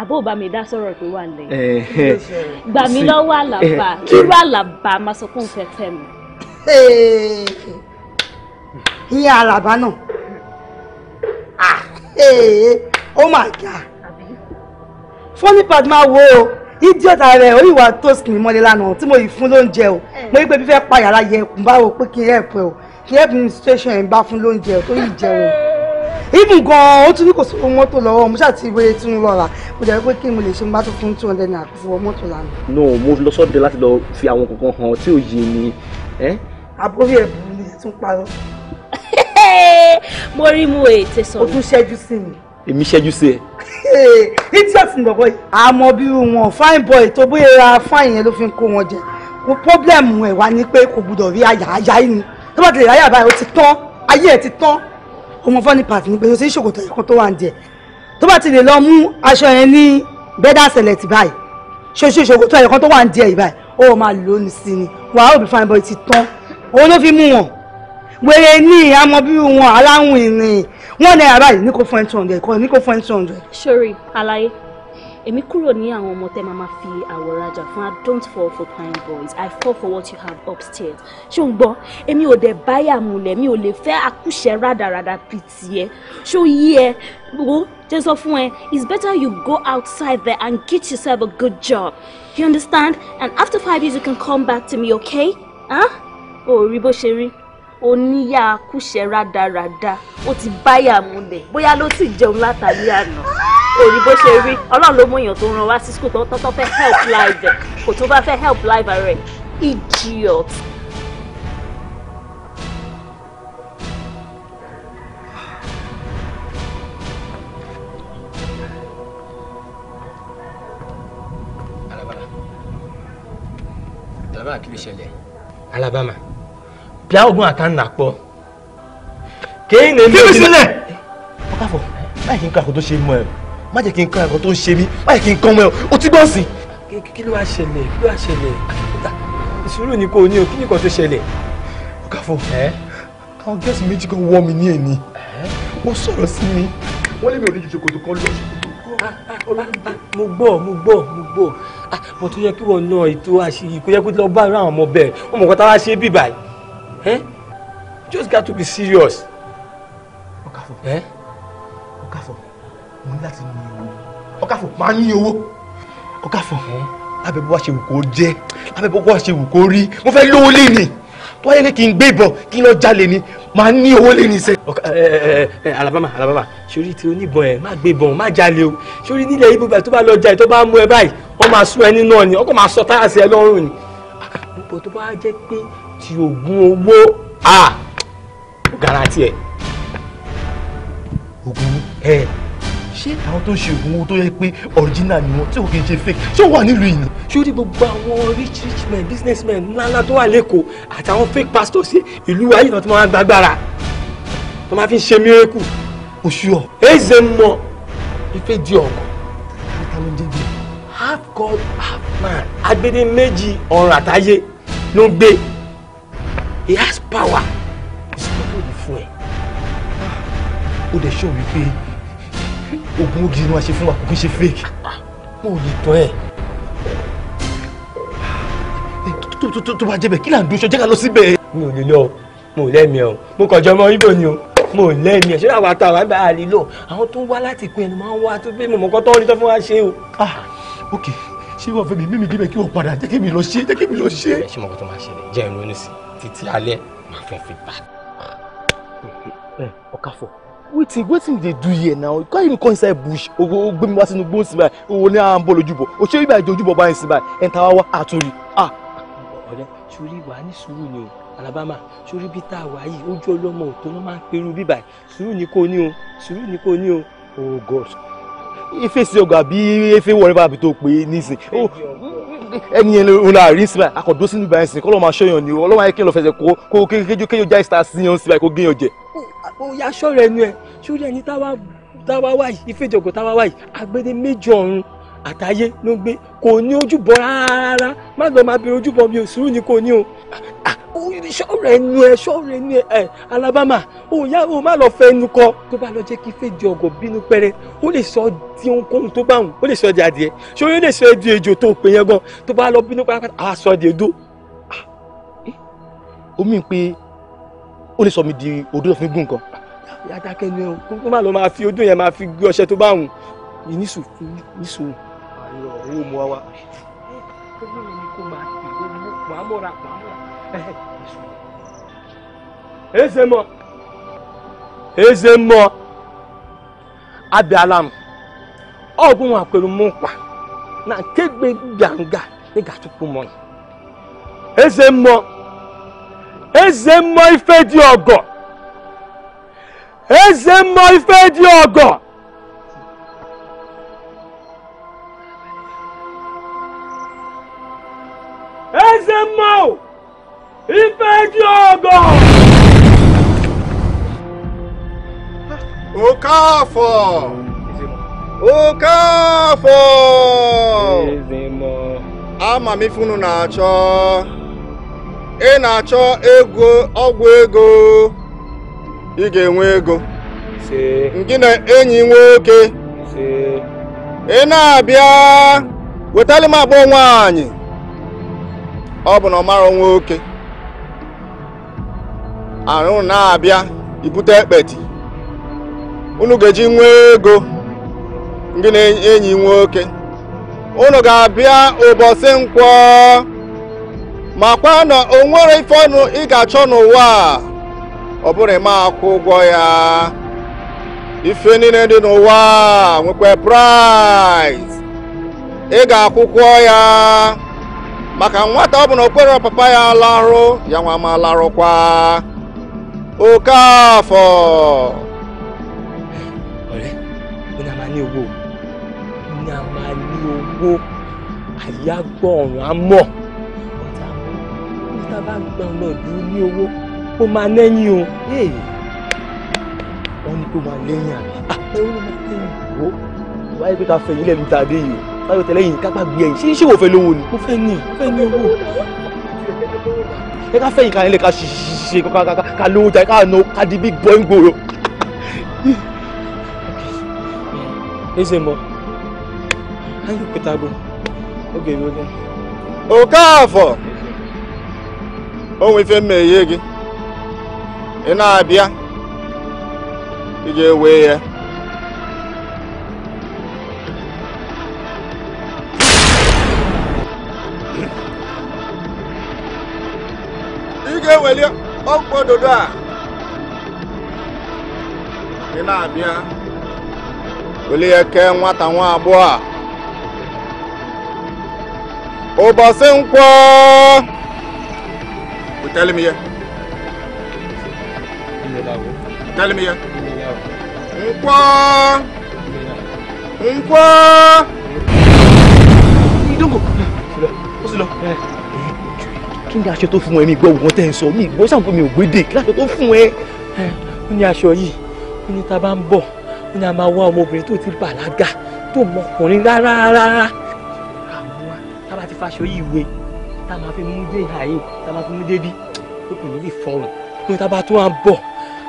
àbó bá mi dá sọ̀rọ̀ pé wà lẹ́yìn gbà mí lọ́wọ́ àlàbà irú àlàbà máa sọ pé òun fẹ́ fẹ́ mi. ìyá àlàbà náà ah hey! Eh, oh my god Funny part, my wo o idiot ààrẹ orí ìwà toast mi mọ́lẹ̀ lánàá tí mo yìí fún lóúnjẹ o eh. mo rí pé bí fẹ́ pa yàrá yẹ ẹkùn báwo pé kí n help ẹ o kí help me station ẹ̀ ń bá fún lóúnjẹ o tó yìí jẹun eh. even gan-an to tún ní kò sówó mọ́tò lọ́wọ́ mo ṣáàtì ìwé tí mo rọra mo jẹ́ pé kí mo lè ṣe mo bá tún fún two hundred naira fún mọ́tò no move lọ sọ́dọ̀ láti lọ fi àwọn kankan hàn tí ò yé mi. àbúrò ẹ̀ bù ni ẹ̀ mo rí mu ètè sọ̀rọ̀. o tún ṣẹ́jú sí mi. èmi ṣẹ́jú sí ẹ. idiot ni bọ̀bọ̀ yìí. àmọ́ bí wọn fine boy tó bóyá ra fine yẹn ló fi ń kó wọn jẹ kò problem ẹ̀ wá ní pé kò gbúdọ̀ rí àyà àyà yìí ni tó bá tilẹ̀ ráyà báyìí ó ti tán ayé ẹ̀ ti tán ọmọ fọ́nì pàtì ní pé o ti ń ṣòkòtò ẹ̀kan tó wà ń jẹ tó bá tilẹ̀ lọ mú aṣọ yẹn ní bẹ́dà select báyìí ṣoṣo ṣòkòtò ẹ̀kan tó wà ń jẹ yìí báyìí ó máa lò ó ní sí ni wàá òbí fine boy ti tán òun ló fi mú wọn wèrè ní àmọ́ bí wọn aláwìn ìrìn wọn náírà báyìí ní kò fún ẹ two hundred kò ní kò fún sori alaye èmi kúrò ní àwọn ọmọ tẹ máa fi aworaja. rajà i don't fall for kind boys i fall for what you have upstairs ṣé o ń gbọ́ èmi ò dẹ̀ báyà múlẹ̀ mi ò lè fẹ́ àkúṣe rádaràda pìtì ẹ ṣé o yí ẹ wo jẹ́ sọ it's better you go outside there and get yourself a good job you understand and after five years you can come back to me okay? Huh? o ò rí bó oníyà kúṣẹ̀ rádaràda ó ti báyà múlẹ̀ bóyá ló ti jẹun látàrí àná òrí bó ṣe rí ọlọ́run ló mú èèyàn tó ràn wá sí school tó tọ́tọ́ fẹ́ help live kò tó bá fẹ́ help live rẹ̀ idiot. Alabama Alabama bịa ugbu a ka m na-akpọ kí ni mi sílẹ̀. ọkàfọ̀ báyìí kí n kọ́ àkótó ṣe mọ́ ẹ má jẹ́ kí n kọ́ àkótó ṣe mí báyìí kí n kọ́ mọ́ ẹ o ti gbọ́n sí. kí ló wá ṣẹlẹ̀ kí ló wá ṣẹlẹ̀ ìṣòro ni kò ní o kí ni kò tó ṣẹlẹ̀. ọkàfọ̀ àwọn gẹ́sì méjì kan wọ́ mi ní èmi wọ́n sọ̀rọ̀ sí mi wọ́n lé mi ò ní ju ṣòkòtò kan lọ ah, ah, ah, mo gbọ́ mo gbọ́ mo gbọ́ àpò tó yẹ kí wọ́n ná ètò àṣírí kó yẹ kó lọ bá àwọn ọmọ bẹ́ẹ̀ wọ́n mọ̀ kọ́ta wá ṣe bíbáyìí. Eh? You just got to be serious. Ọ̀kàfọ̀. Eh? Ọ̀kàfọ̀. Mo ní láti ní owó. Ọ̀kàfọ̀ máa ní owó. Ọ̀kàfọ̀. Eh? Lábẹ́ bó wá ṣe wù kó jẹ́, lábẹ́ bó wá ṣe wù kó rí, mo fẹ́ lówó lé ni. Tó wáyé ní kí n gbé ìbọn, kí n lọ jalè ni, máa ní owó lé eh eh, eh. eh, Alabama Alabama sori ti oníbọn ẹ ma gbé ìbọn má jalè o sori nílẹ̀ ibo ba tó ba lọ jalè tó bá mú ẹ báyìí wọ́n máa sún ẹ nínú ọ ni ọkọ̀ máa ma táyà sí ẹ lọ́rùn ni. Gbogbo tó bá jẹ́ pé àti oògùn owó a garanti ẹ. oògùn ẹ ṣé àwọn tó ń ṣe oògùn owó tó yẹ original ni wọn tí ò kì í fake ṣé ó wà nílùú yìí ni. sórí gbogbo àwọn rich rich men businessmen, men ńláńlá tó wà lẹ́kọ̀ọ́ àtàwọn fake pastors ìlú ayé náà tó máa ń gbàgbára tó máa fi ń ṣe mírẹ́kù. oṣù ọ. eze mọ ife di ọkọ vitamin d d half god half man agbede méjì ọ̀run àtayé ló ń gbé he has power ìsìnkú òní fún ẹ ó dẹ̀ ṣọ́ wípé oògùn ogi ni wọ́n ṣe fún wa kò kí fake mo ò lè tán ẹ̀ tó bá jẹ́bẹ̀ kí là ń dúró ṣọjá ká lọ síbẹ̀. mi ò lè lọ mo ò lẹ́mìí o mo kàn jọ ọmọ ibo ni o mo ò lẹ́mìí ẹ̀ ṣé àwọn àtàwọn àgbà àlìlò àwọn tó ń wá láti pin ẹnu máa ń wá tó bí mo mọ̀kọ́ tó ń rí tó fún wa ṣe o. ah ok ṣé wọn fẹ́ mi mímí débẹ̀ kí wọ́n padà jẹ́ kí mi lọ ṣe jẹ́ kí mi lọ ṣe. ẹ ṣe mọ̀kọ́ tó máa ṣẹlẹ̀ jẹ́ ìrún oníṣìí títí alẹ́ màá fẹ́ feedback. ẹ ọkàfọ wetin wetin dey do here now you carry me come inside bush o gbé mi wá sínú gbóhùn sí báyìí owó ní à ń bọ̀ lójúbọ o ṣé ibà ìjọ ojúbọ báyìí sí báyìí ẹ̀ ń ta wá wá àtúnrí ah. ọ̀rẹ́ sori wàá ní sùúrù ni o alabama sórí bí tá a wà yìí ojú ọlọmọ òtó ló máa ń perú bíbà sùúrù ni kò ní o sùúrù ni kò ní o oh god ife sí ọgọ àbí efe wọlé bàbí tó pè é nísìn ẹni yẹn ló la rí síbà akọ̀dó sínú ibà yẹn sìn kọ́lọ́ máa ṣọ́yàn ni ọlọ́wọ́ ayé kéèyàn lọ fẹsẹ̀ kó kó kéjó kéjó já ìsita sí yẹn síbà kó gé yẹn jẹ. ó yà sọ̀rọ̀ ẹnu ẹ̀ sórí ẹni táwa wáyì ìfẹ́jọ̀gọ̀ táwa wáyì agbede méjì ọ̀run àtayé ló ń gbé kò ní ojúbọ rárá má lọ máa bèrè ojúbọ mi ò sùúrù ni kò ní o sọ̀rọ̀ ah, ah, ẹnu ẹ sọ̀rọ̀ ẹnu ẹ alabama òun ya, òun má lọ fẹ́ ẹnu kọ tó bá lọ jẹ́ kí fèjì ọ̀gọ̀ bínú pẹ́rẹ́ ó lè sọ di ohunkóhun tó bá wù ó lè sọ di adìẹ ṣé ó lè sọ di ejò tó pè yẹn gan tó bá lọ bínú pátápátá àá sọ di odó omi ah, eh, pé ó lè sọ mi di odó tó fi gún nǹkan yàtàkẹ́ ni ó má lọ máa fi odó yẹn máa fi gbé ọṣẹ tó bá wù ní sùúrù ní owó mu wá wá. olórí ni kò máa pè é mú pàmòrà pàmòrà eze mọ eze mọ abịala m ọ bụ nwa kwere m na nke gbe ganga ga-achụpụ m eze mmụọ eze mmụọ ife dị ọgọ eze mmụọ ife dị ọgọ eze mmanwụ ife dị ọgọ Okafọ Okafọ ama m ifunu na-achọ ị na-achọ ego ọgwụ ego ị ga-enwe ego gị na enyi nwoke ị na-abịa wetara m abụọ nwaanyị ọ bụ na ọ mara nwa oke arụ na-abịa ibute ekpeti unu ga-eji nwe ego ndị na-enyi oke unu ga-abịa ụbọchị nkwọ makwa na o nwere ife ọnụ ị ga-achọ n'ụwa ọ bụrụ ma akwụ ya ife niile dị n'ụwa nwekwa price ị ga-akwụkwọ ya maka nwata ọ bụ na okpere papa ya larụ ya nwa ma larụkwa Okafọ ọ̀rẹ́ nínú àmà ní owó nínú àmà ní owó àyágbọ́ ọ̀run amọ̀ ọ̀tá bá gbọ́n lọ dúró ní owó ó máa lẹ́yìn o wọ́n ní kó máa lẹ́yìn àbí ah ẹ̀rọ máa lẹ́yìn o wáyé pé ká fẹ̀yìn lẹ́nu tàdé yìí báyọ̀ tẹ̀lé yìí kápá gbé ẹ̀yìn ṣé ṣé wò fẹ́ lówó ni. mo fẹ́ ní fẹ́ ní owó. ẹ ká fẹ́ yìí ká ilé ká ṣiṣẹ́ ká lówó jà ká àná ká di big boy gbòòrò. ẹsẹ̀ mọ́ ayé pété abo oge mi oge. Okafor onwe ife mmehie gị ị na-abịa ije wee ya ga-eweli ọkpụkpọ ododo a ị na-abịa weli ya kee nwata nwa abụọ a ụbọchị tell butere m ya butere m ya nkwọ nkwọ ndụgụ ụzụlọ kí ni aṣọ tó fún ẹ mi gbọ́ ògùn tẹ́ ń sọ mi ìgbó sàǹkó mi ò gbé dè kí tó fún ẹ. ó ní aṣọ yìí ó ní tá bá ń bọ̀ ó ní a máa wá ọmọbìnrin tó ti bàlágà tó mọkùnrin rárá rárá. àmúwá tá a bá ti faṣọ yìí wé tá a máa fi mú dé ìhà tá a máa fi mú dé ó kò ní lè fọrùn ó ní tá bá tó à ń bọ̀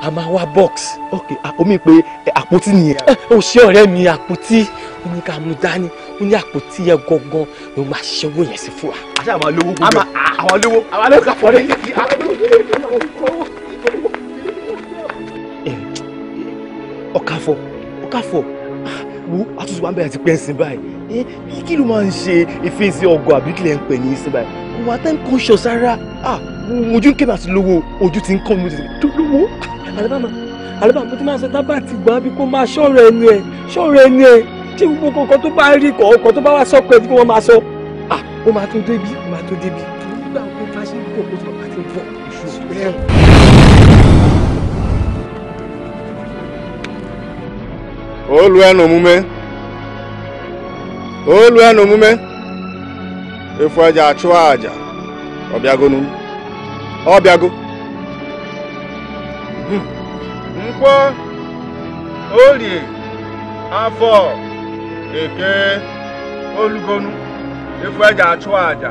a máa wá box ok àpòmí pé àpótí nìyẹn ó eh, ṣe ọ̀rẹ́ mi àpótí ó ní ká mú dání ó ní àpótí yẹn gangan ló máa ṣe owó yẹn sí fún wa. àti àwọn olówó gbogbo àwọn olówó àwọn olówó kàfọ́ rẹ̀. ọ̀kàfọ̀ ọ̀kàfọ̀ wo àtúntò wa ń bẹ̀rẹ̀ àti pẹ́ǹsìn báyìí eh, kí ló máa ń ṣe ìfẹ́ǹsì ọgọ́ àbí kílẹ̀ ń pè ní ìsìn báyìí wà á tẹ́ ń kọ́ ṣọ̀ sára ah ojú ń kébà sí lówó ojú ti ń kọ́ mi lówó àlùbámà àlùbámà mo ti máa sọ tábà ti gbà bí kó máa ṣọ́ọ̀rọ̀ ẹnu ẹ̀ ṣọ́ọ̀rọ̀ ẹnu ẹ̀ tí gbogbo kọ̀ọ̀kan tó bá rí kọ̀ọ̀kan tó bá wá sọ́kọ̀ ẹ̀ tí wọ́n máa sọ à ah, ó máa tó débi ó máa tó débi nígbà wo bá ṣe ń kó tó bá ti bọ̀ olu ẹnu mume olu ẹnu mume efu ẹja achụ àjà ọbịago nu ọbịago. Nkwọ, olie Afọ, Eke, Olugonu, efu eji achụ aja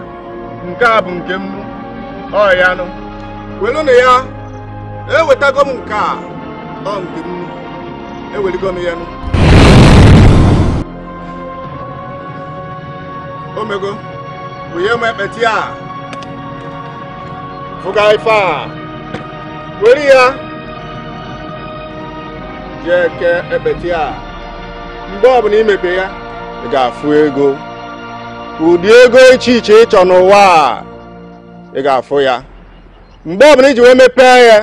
nke a bụ nke m ọ ya nụ welụnụ ya ewetago m nke a ọ nke m eweligo m ya nụ omego wụnye m ekpeti a fụga ife a were ya jee kee ekpeti a mgbe ọbụla imepe ya ị ga-afụ ego ụdị ego iche iche ịchọ n'ụwa a ị ga-afụ ya mgbe ọbụla iji wee mepee ya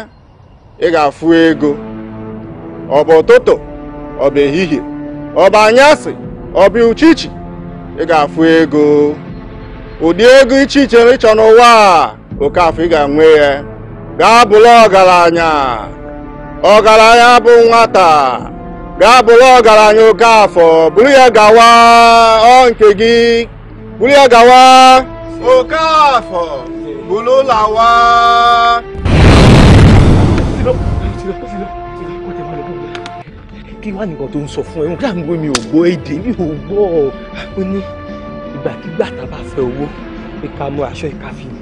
ị ga-afụ ego ọ bụ ụtụtụ ọ bụ ehihie ọ bụ anyasị ọ bụ uchichi ị ga-afụ ego ụdị ego iche iche ịchọ n'ụwa a oke afọ ị ga-enwe ya gaa bụla ọgaranya ọgaranya bụ nwata gaa bụrụ ọgaranya oke afọ ya gawa ọ nke gị buru ya gawa oke afọ buru lawa kí wá nìkan tó ń sọ fún ẹ wọn dáàmú pé mi ò gbọ́ èdè mi ò gbọ́ ọ ó ní ìgbàkigbà tá a bá fẹ́ owó pé ká mú aṣọ ìkàfin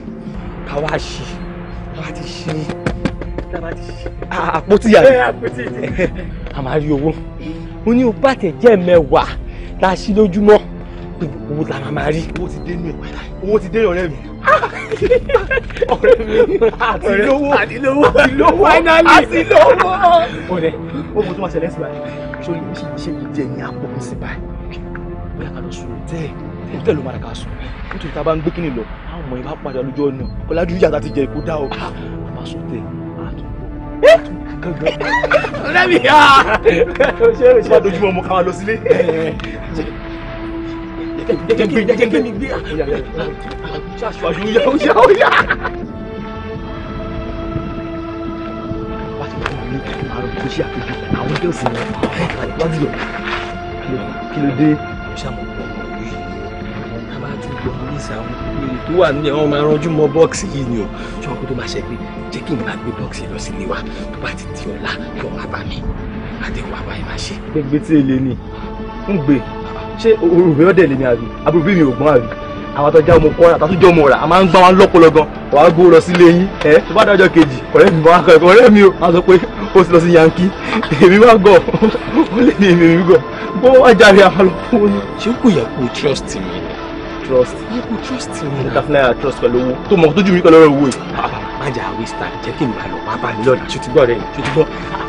ká wá ṣe wá ti ṣe àpótí ah, yàrá a máa rí owó mo ní o bá tẹ̀ jẹ́ mẹ́wàá tá a ṣí lójúmọ́ owó la máa máa rí. owó ti dé nù ẹ owó ti dé ọ̀rẹ́ mi. ọ̀rẹ́ mi àti lówó àti lówó àti lówó àti lówó. ọ̀rẹ́ o mọ̀ tó máa ṣẹlẹ̀ sí báyìí sórí bí ṣe ń jẹ ní apò mi sí báyìí bóyá ká lọ sùn tẹ́ẹ̀ tẹ́ẹ̀ ló máa ká sùn nítorí tá a bá ń gbé kínní lọ àwọn ọmọ yẹn bá pàjá lójú ọ̀nà ọ̀làjú yàtà ti jẹ ìkó dá o. Ah, a máa sùn tẹ́ẹ̀ ọ̀rẹ́ mi yá. Ah! ṣé o dojú ọmọ káwa lọ sílé. Eh, eh, eh. jẹ́ kí mi gbé aṣọ àjòyà ó yá ó yá. àrùn tó ṣe àpèjì àwọn ẹgbẹ́ òsì wọn kí ló dé bísí àwọn ìpele tó wà bọ́ọ̀sì yìí ni o ṣọ́ kó tó máa ṣe pé jẹ́ kí n bá gbé bọ́ọ̀sì lọ sí ilé tó bá ti di ọ̀la kí wọ́n bá mi àdéhùn àbá máa ṣe. gbẹgbẹ tí èlé ni ń gbé ṣé òrùbí ọdẹ lèmi àbí àbúrò bí mi àbí àwọn àtọjá ọmọ kọ́ra àtàtújọ́ ọmọ rà a máa ń gbá wọn lọ́pọ̀lọ́ gan wàá gbó lọ sílé yín ẹ tó bá dájọ́ kejì ọ̀rẹ́ mi bá wà kọ́ mi o a sọ pé ó ti lọ sí yankí èmi wá gọ̀ ó lè ní èmi gọ̀ bó wá jáde àwọn alùpùpù ṣé kò yẹ kó trust mi trust. You kó trust You mi. mo ta You náírà trust pẹ̀lú owó tó mọ̀ tó jù mí pẹ̀lú ọ̀rọ̀ owó yìí. má jà àwọn ìsìtà jẹ́ kí n bá lọ wá bá mi lọ́la. ṣùtì gbọ́ rẹ̀ ṣùtì gbọ́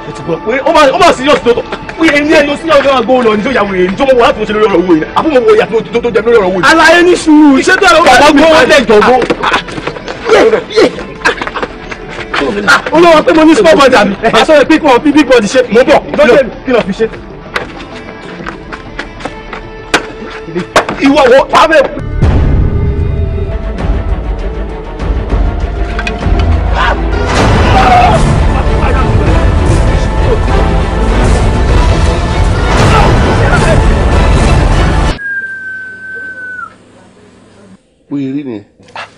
ṣùtì gbọ́. pé ó máa ó máa serious tó tọ̀ pé ẹni ẹni oṣù yàwó náà gbóhùn lọ ní tó yàwó yẹn tó mọ̀ wọ́n láti mọ̀ ṣe lórí ọ̀rọ̀ owó yẹn àbúrò mọ̀ wọ́n yà tó jẹ́ lórí ọ̀rọ̀ owó yẹn. alaye You sùúrù iṣẹ́ tó yàrá ó máa ń gbọ́ olówó pé mo ní small body àmì àsọyẹ pé kí wọn fi big body ṣe mo bọ lọ́jọ́ kí lọ fi ṣe. ìwọ wo pàmẹ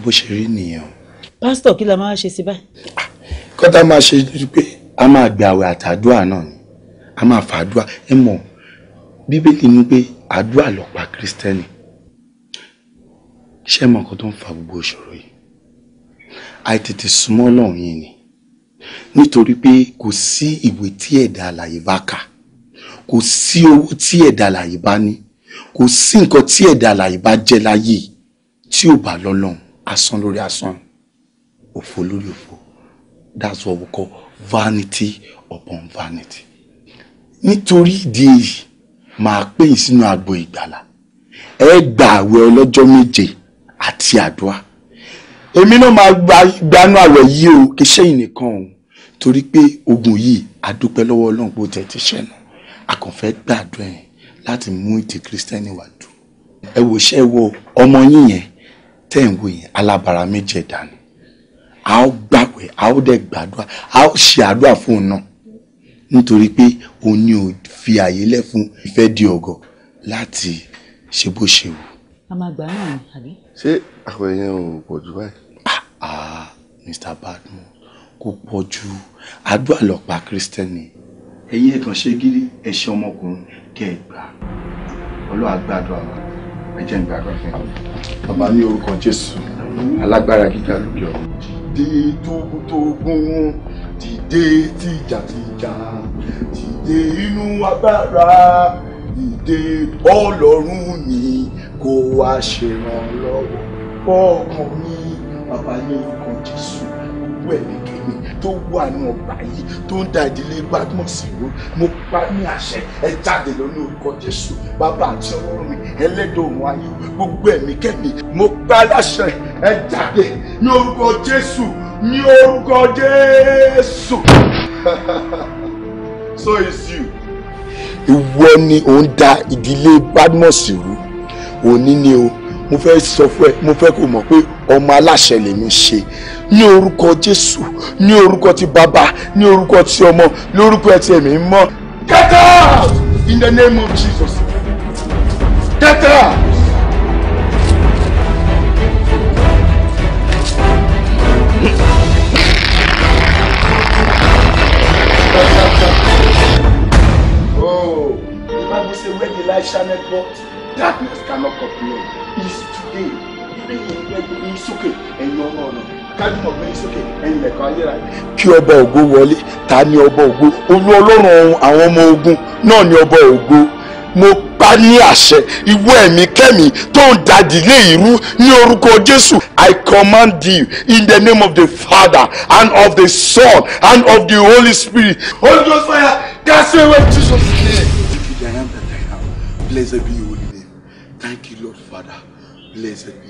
bó ṣe rí nìyẹn o. pásítọ̀ kí la máa ṣe sí báyìí. kọ́tà máa ṣe ni pé a máa gba àwẹ̀ àtàdúrà náà ni a máa fàdúrà ẹ mọ̀ bíbélì ni pé àdúrà ló pa kírísítẹ́nì ṣé mọ̀ nǹkan tó ń fa gbogbo ìṣòro yìí àìtètè súnmọ́ Ọlọ́run yìí ni nítorí pé kò sí ìwé tí ẹ̀dá alààyè bá kà kò sí owó tí ẹ̀dá alààyè bá ní kò sí nǹkan tí ẹ̀dá alààyè bá jẹ́ láyé tí ò bá lọ́lọ́run asán lórí asán òfò lórí òfò that's what we call vanity upon vanity nítorí ìdí èyí máa pè yín sínú agbo ìgbàlà ẹ gba àwẹ̀ ọlọ́jọ́ méje àti àdúrà èmi náà máa gbanú àwẹ̀ yìí o kì í ṣẹ́yìn nìkan o torí pé ogun yìí a dúpẹ́ lọ́wọ́ Ọlọ́run pé ó tẹ̀ ti ṣẹ̀nà a kàn gbàdúrà yẹn láti mú ìdí kírísítẹ́nì wá dùn ẹ wò ṣẹ́ wo ọmọ yín yẹn tẹ́ ń wò yẹn alábàárà méjì ẹ̀dá ni a ó gbàwẹ̀ a ó dẹ̀ gbàdúrà a ó ṣe àdúrà fún un náà nítorí pé òun ni ò fi àyè lẹ̀ fún ìfẹ́ di ọ̀gọ̀ láti ṣe bó ṣe wù. a máa gbà náà ni àbí. ṣé àwọn èèyàn ò pọ̀ jù báyìí. ah, ah mr badmus kò pọ̀ jù àdúrà lọ́pàá kírísítẹ́nì ẹ̀yin ẹ̀kan ṣe gírí ẹ̀ṣẹ̀ ọmọkùnrin kẹ́ ẹ̀ gbà ọlọ́wà gbàdúrà wa ẹ jẹ́ ń gbàdúrà fún yín bàbá ní orúkọ jésù alágbára gíga lókè ọ̀run. dìde tógúntógún dìde tìjàtìjà dìde inú agbára dìde ọlọ́run ni kó wá ṣèrànlọ́wọ́ fọ́ọ̀kan ní bàbá ní orúkọ jésù gbogbo ẹ̀mí kẹ́ mi tó wà ní ọgbà yìí tó ń da ìdílé gbádùn sí ro mo pa ní àṣẹ ẹ jáde lọ ní orúkọ jésù bàbá àti ọlọ́run mi ẹlẹ́dọ̀ òun ayé gbogbo ẹ̀mí kẹ́mi mo pa láṣẹ ẹ jáde ní orúkọ jésù ní orúkọ jésù so is you. ìwọ ni ò ń da ìdílé badmus rú òní ni o mo fẹ́ sọ fún ẹ mo fẹ́ kó mọ̀ pé ọmọ aláṣẹ lèmi ṣe ní orúkọ jésù ní orúkọ ti bàbá ní orúkọ ti ọmọ lórúkọ ẹ ti ẹ̀mí mọ́. get out in the name of jesus get out. oh the bible say "Where the light shine forth darkness. kájùmọ̀ gbé sókè ẹ̀yìn lẹ̀kọ́ ayéra yìí. kí ọba ògo wọlé ta ni ọba ògo olú ọlọ́run àwọn ọmọ ogun náà ni ọba ògo mo pa ní àṣẹ ìwọ ẹ̀mí kẹ́mi tó ń dadìlé ìrú ní orúkọ jésù i command you in the name of the father and of the son and of the holy spirit. holy ghost fire cast away jesus name. thank you lord father blessed